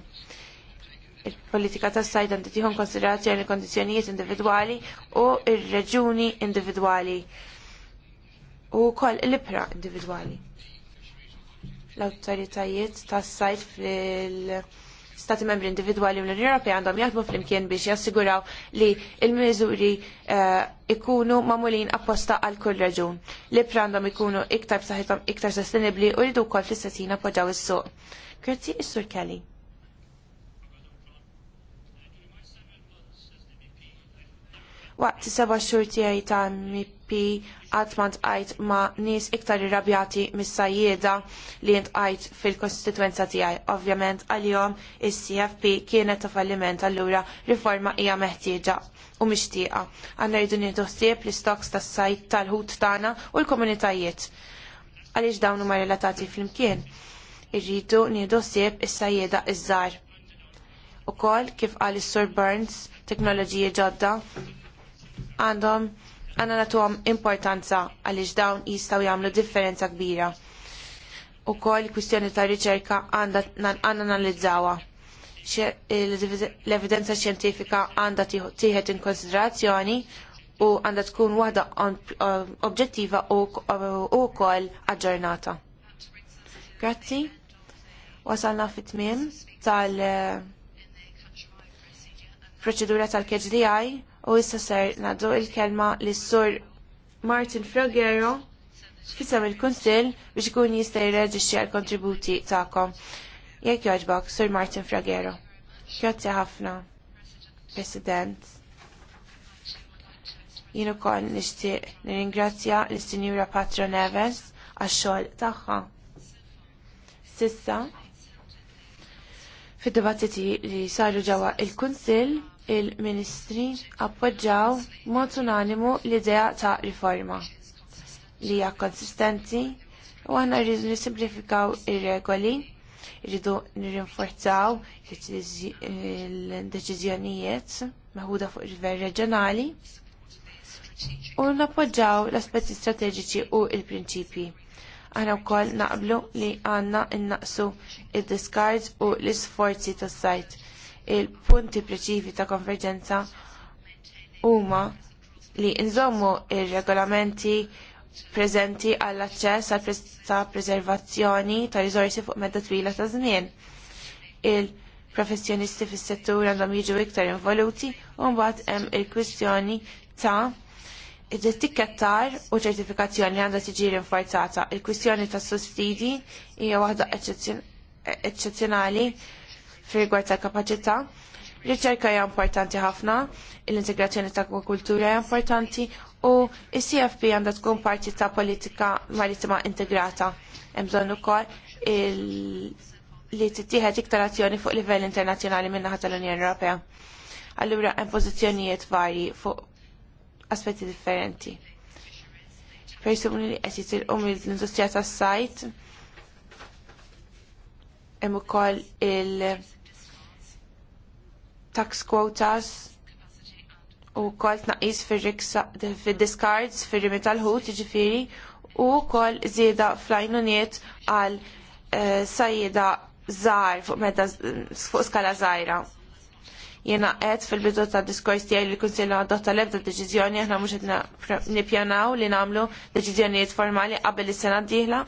il-politika tas sajda għandha tieħu konsiderazzjoni kondizzjonijiet individwali u il reġuni individwali u wkoll l-ibra individwali. L-awtoritajiet tas sajt fil-Stati membri individwali u l-Unjoni Ewropea għandhom jaħdmu flimkien biex jassiguraw li l-miżuri eh, ikunu mamulin apposta għal kull reġun. l ipra għandhom ikunu iktar b'saħħithom iktar sostenibbli u jridu wkoll fl istatina poġġaw is-suq. Grazzi is-Sur Kelly. Waqt seba' xhur tiegħi ta' MP għad ma ntqajt ma' nies iktar irrabjati mis-sajjieda li ntqajt fil-kostituenza tiegħi. Ovvjament għalihom is-CFP kienet ta' falliment allura riforma hija meħtieġa u mixtieqa. Għandna jridu nieħdu ħsieb l-istoks tas-sajt tal-ħut tagħna u l-komunitajiet għaliex dawn huma relatati flimkien. Irridu nieħdu ħsieb is-sajjieda iż-żgħar. Ukoll kif qal is-Sur Burns, teknoloġiji ġodda għandhom għanna natuhom importanza għaliex dawn jistgħu jagħmlu differenza kbira. U kol kwistjoni ta' riċerka għandna analizzawa. L-evidenza xjentifika għandha tieħed in konsiderazzjoni u għandha tkun waħda oġġettiva u wkoll aġġornata. Grazzi. Wasalna fit tal- eh, proċedura tal kgdi U issa ser naddu il-kelma li sur Martin Frogero fisam il-Kunsil biex ikun jista' jirreġixxi għal kontributi ta'kom. Jekk jogħġbok, Sur Martin Frogero. Grazzi ħafna, President. Jien ukoll nixtieq nirringrazzja l sinjura Patro Neves għax-xogħol tagħha. Sissa, fid-dibattiti li saru ġewwa il-Kunsill, il-Ministri appoġġaw mod unanimu l-idea ta' riforma li hija konsistenti u aħna rridu nisimplifikaw ir-regoli, rridu nirrinforzaw l-deċiżjonijiet meħuda fuq il-livell reġjonali u nappoġġaw l-aspetti strateġiċi u l-prinċipji. Aħna wkoll naqblu li għandna innaqsu id diskards u l-isforzi tas-sajt il-punti preċivi ta' konverġenza huma li nżommu r regolamenti preżenti għall aċċess għal ta' preservazzjoni ta' riżorsi fuq medda twila ta' żmien. Il-professjonisti fis-settur għandhom jiġu iktar involuti u mbagħad hemm il-kwistjoni ta' id u ċertifikazzjoni għandha tiġi rinforzata. Il-kwistjoni ta' sussidji hija waħda eċċezzjonali fil-rigward ta' kapacità. Riċerka hija importanti ħafna, l-integrazzjoni ta' kultura hija importanti u s cfp għandha tkun parti ta' politika marittima integrata. Hemm bżonn ukoll li tittieħed iktar azzjoni fuq livell internazzjonali min-naħa tal-Unjoni Ewropea. Allura hemm pożizzjonijiet varji fuq aspetti differenti. Persuni li qed jitilqu l-industrija tas-sajt hemm ukoll il-, -il tax quotas u kol tnaqis fil-discards fil-rimi tal-ħut ġifiri u kol zjeda fl-ajnuniet għal eh, sajjeda zaħr fuq fuq skala zaħra. Jena għed fil-bidu ta' diskors tijaj li kunsillu għadotta ebda deċizjoni, aħna mux nipjanaw li namlu deċizjonijiet formali qabel is-sena diħla,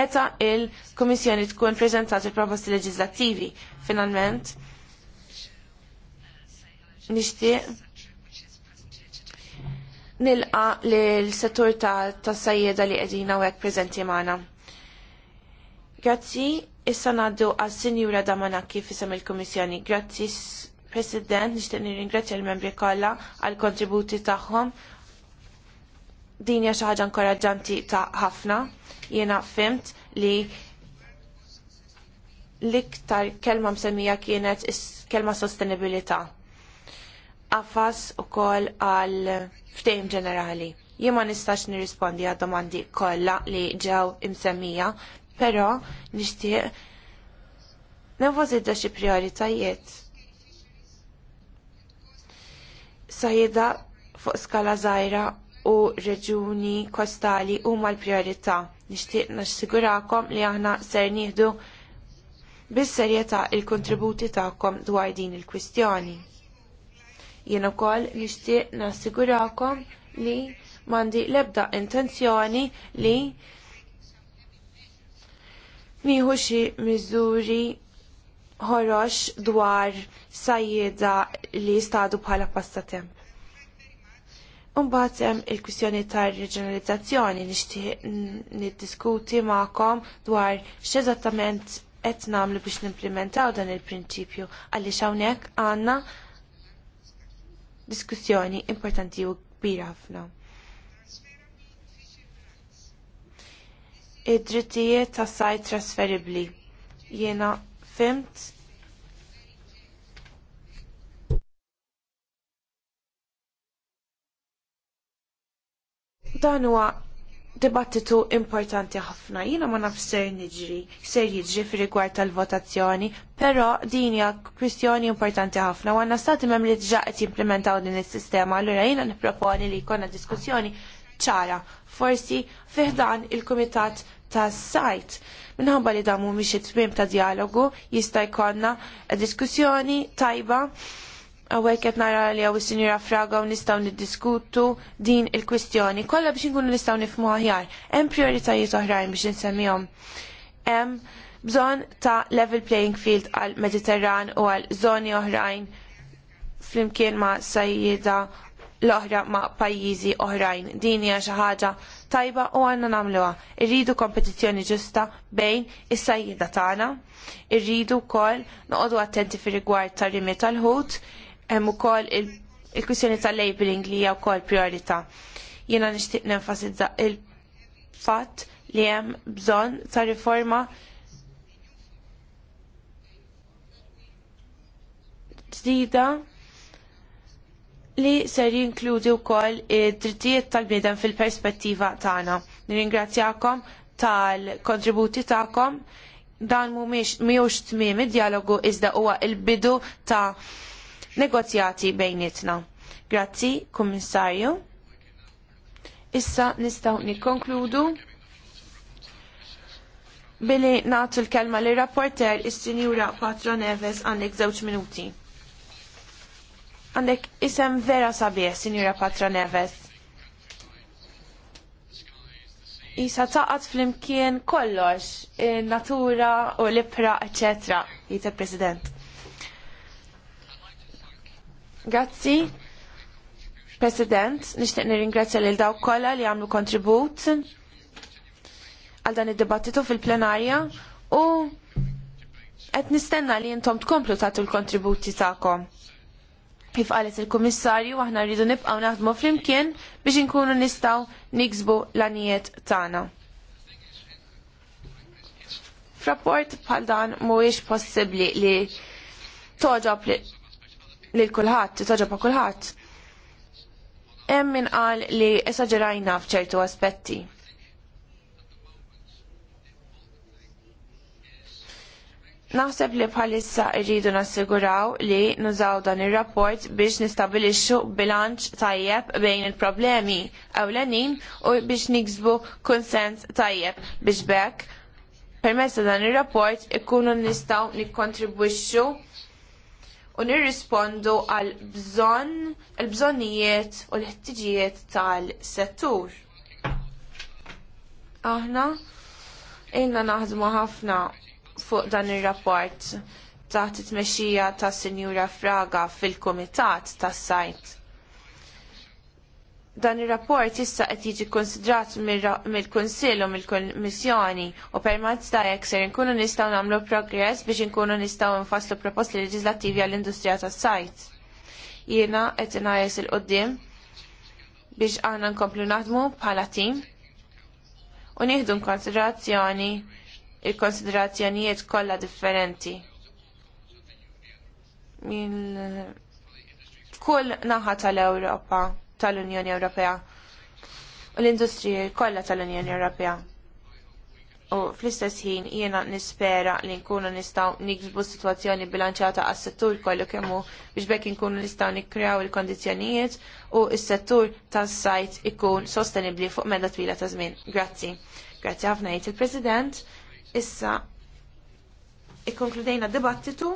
meta il-Komissjoni tkun prezentat il-proposti leġizlativi. Finalment, nixtieq nilqa l-settur ta' sajjeda li qegħdin hawnhekk preżenti magħna. Grazzi, issa ngħaddu għas-Sinjura Damanaki fisem il-Kummissjoni. Grazzi, President, nixtieq nirringrazzja l-membri kollha għall kontributi tagħhom din hija xi ħaġa inkoraġġanti ta' ħafna. Jiena fimt li l-iktar kelma msemmija kienet is kelma sostenibilità qafas ukoll għal ftehim ġenerali. Jema ma nistax nirrispondi għad domandi kollha li ġew imsemmija, però nixtieq nenfasizza xi prioritajiet. Sajida fuq skala żgħira u reġuni kostali huma l-priorità. Nixtieq nassigurakom li aħna ser nieħdu bis-serjetà il-kontributi tagħkom dwar din il-kwistjoni. Jiena wkoll nixtieq nassigurakom li m'għandi l-ebda intenzjoni li miħu xi miżuri ħorox dwar sajjeda li stadu bħala passatemp. Unbat hemm il-kwistjoni tar reġionalizzazzjoni nixtieq niddiskuti magħkom dwar x'eżattament qed nagħmlu biex nimplementaw dan il-prinċipju għaliex hawnhekk għandna diskussjoni importanti u kbira ħafna. id-drittijiet ta' sajt trasferibli. Jiena fimt dan huwa dibattitu importanti ħafna. Jina ma naf ser niġri, ser jiġri fi rigward tal-votazzjoni, pero din hija kwistjoni importanti ħafna. U għanna stati mem li ġa qed jimplementaw din is-sistema, allura jina nipproponi li jkollna diskussjoni ċara, forsi fiħdan il-Kumitat tas sajt. Minħabba li damu mhumiex it-tmiem ta' dialogu jista' jkollna diskussjoni tajba Għawek qed nara li għaw is-sinjura Fraga u nistgħu niddiskutu din il-kwistjoni. Kollha biex inkunu nistgħu nifhmu aħjar. Hemm prioritajiet oħrajn biex insemmihom. Hemm bżonn ta' level playing field għal Mediterran u għal żoni oħrajn flimkien ma' sajjida l-oħra ma' pajjiżi oħrajn. Din hija xi ħaġa tajba u għandna nagħmluha. Irridu kompetizzjoni ġusta bejn is-sajjida tagħna, irridu wkoll noqogħdu attenti fir rigward tar rimiet tal-ħut, hemm ukoll il-kwistjoni tal-labeling li hija wkoll priorità. Jiena nixtieq nenfasizza il-fatt li hemm bżonn ta' riforma ġdida li ser jinkludi wkoll id-drittijiet tal-bniedem fil-perspettiva tagħna. Nirringrazzjakom tal-kontributi tagħkom dan mhumiex mhijiex tmiem id-dialogu iżda huwa l bidu ta' negozjati bejnietna. Grazzi, Kummissarju. Issa nistaw nikkonkludu billi natu l-kelma li rapporter is-sinjura Patro Neves għandek żewġ minuti. Għandek isem vera sabie, sinjura Patro Neves. Isa taqat fl-imkien kollox, natura u l ipra eccetera, jita president. Grazzi. President, nixtieq nirringrazzja lil dawk kollha li għamlu kontribut għal dan id-dibattitu fil-plenarja u qed nistenna li intom tkomplu tagħtu l-kontributi tagħkom. Kif qalet il-Kummissarju aħna rridu nibqgħu naħdmu flimkien biex inkunu nistgħu niksbu l-anijiet tagħna. Frapport bħal dan mhuwiex possibbli li toġob lil kulħadd, toġob kulħadd. Hemm min qal li esaġerajna f'ċertu aspetti. Naħseb li bħalissa rridu nassiguraw li nużaw dan ir-rapport biex nistabilixxu bilanċ tajjeb bejn il-problemi ewlenin u biex niksbu konsens tajjeb biex bekk permessa dan ir-rapport ikunu nistgħu nikkontribwixxu u nirrispondu għal bżonn il-bżonnijiet u l-ħtiġijiet tal-settur. Aħna inna naħdmu ħafna fuq dan ir-rapport ta' it-tmexxija ta' Sinjura Fraga fil-Kumitat tas-Sajt dan ir-rapport issa qed jiġi konsidrat mill-Kunsill u mill-Kummissjoni u permezz ta' hekk ser inkunu nistgħu nagħmlu progress biex inkunu nistgħu nfasslu proposti leġislattivi għall-industrija tas-sajt. Jiena qed inħares il qudiem biex aħna nkomplu naħdmu bħala tim u nieħdu konsiderazzjoni il-konsiderazzjonijiet kollha differenti. Kull naħa tal-Ewropa tal-Unjoni Ewropea u l-industriji kollha tal-Unjoni Ewropea. U fl-istess ħin jiena nispera li nkunu nistgħu niksbu sitwazzjoni bilanċjata għas-settur kollu kemm hu biex bekk inkunu nistgħu nikkrew il-kondizzjonijiet u s-settur tas-sajt ikun sostenibbli fuq medda twila ta' żmien. Grazzi. Grazzi ħafna jgħid il-President. Issa ikkonkludejna dibattitu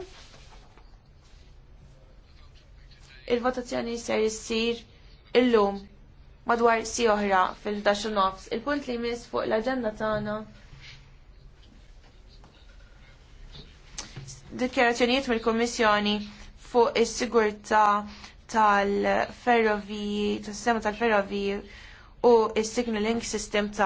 il-votazzjoni ser issir illum madwar si oħra fil-11 nofs. Il-punt li jmiss fuq l-agenda tagħna dikjarazzjonijiet mill-Kummissjoni fuq is-sigurtà tal-ferroviji, tas-sistema tal-ferroviji u s-signaling system ta'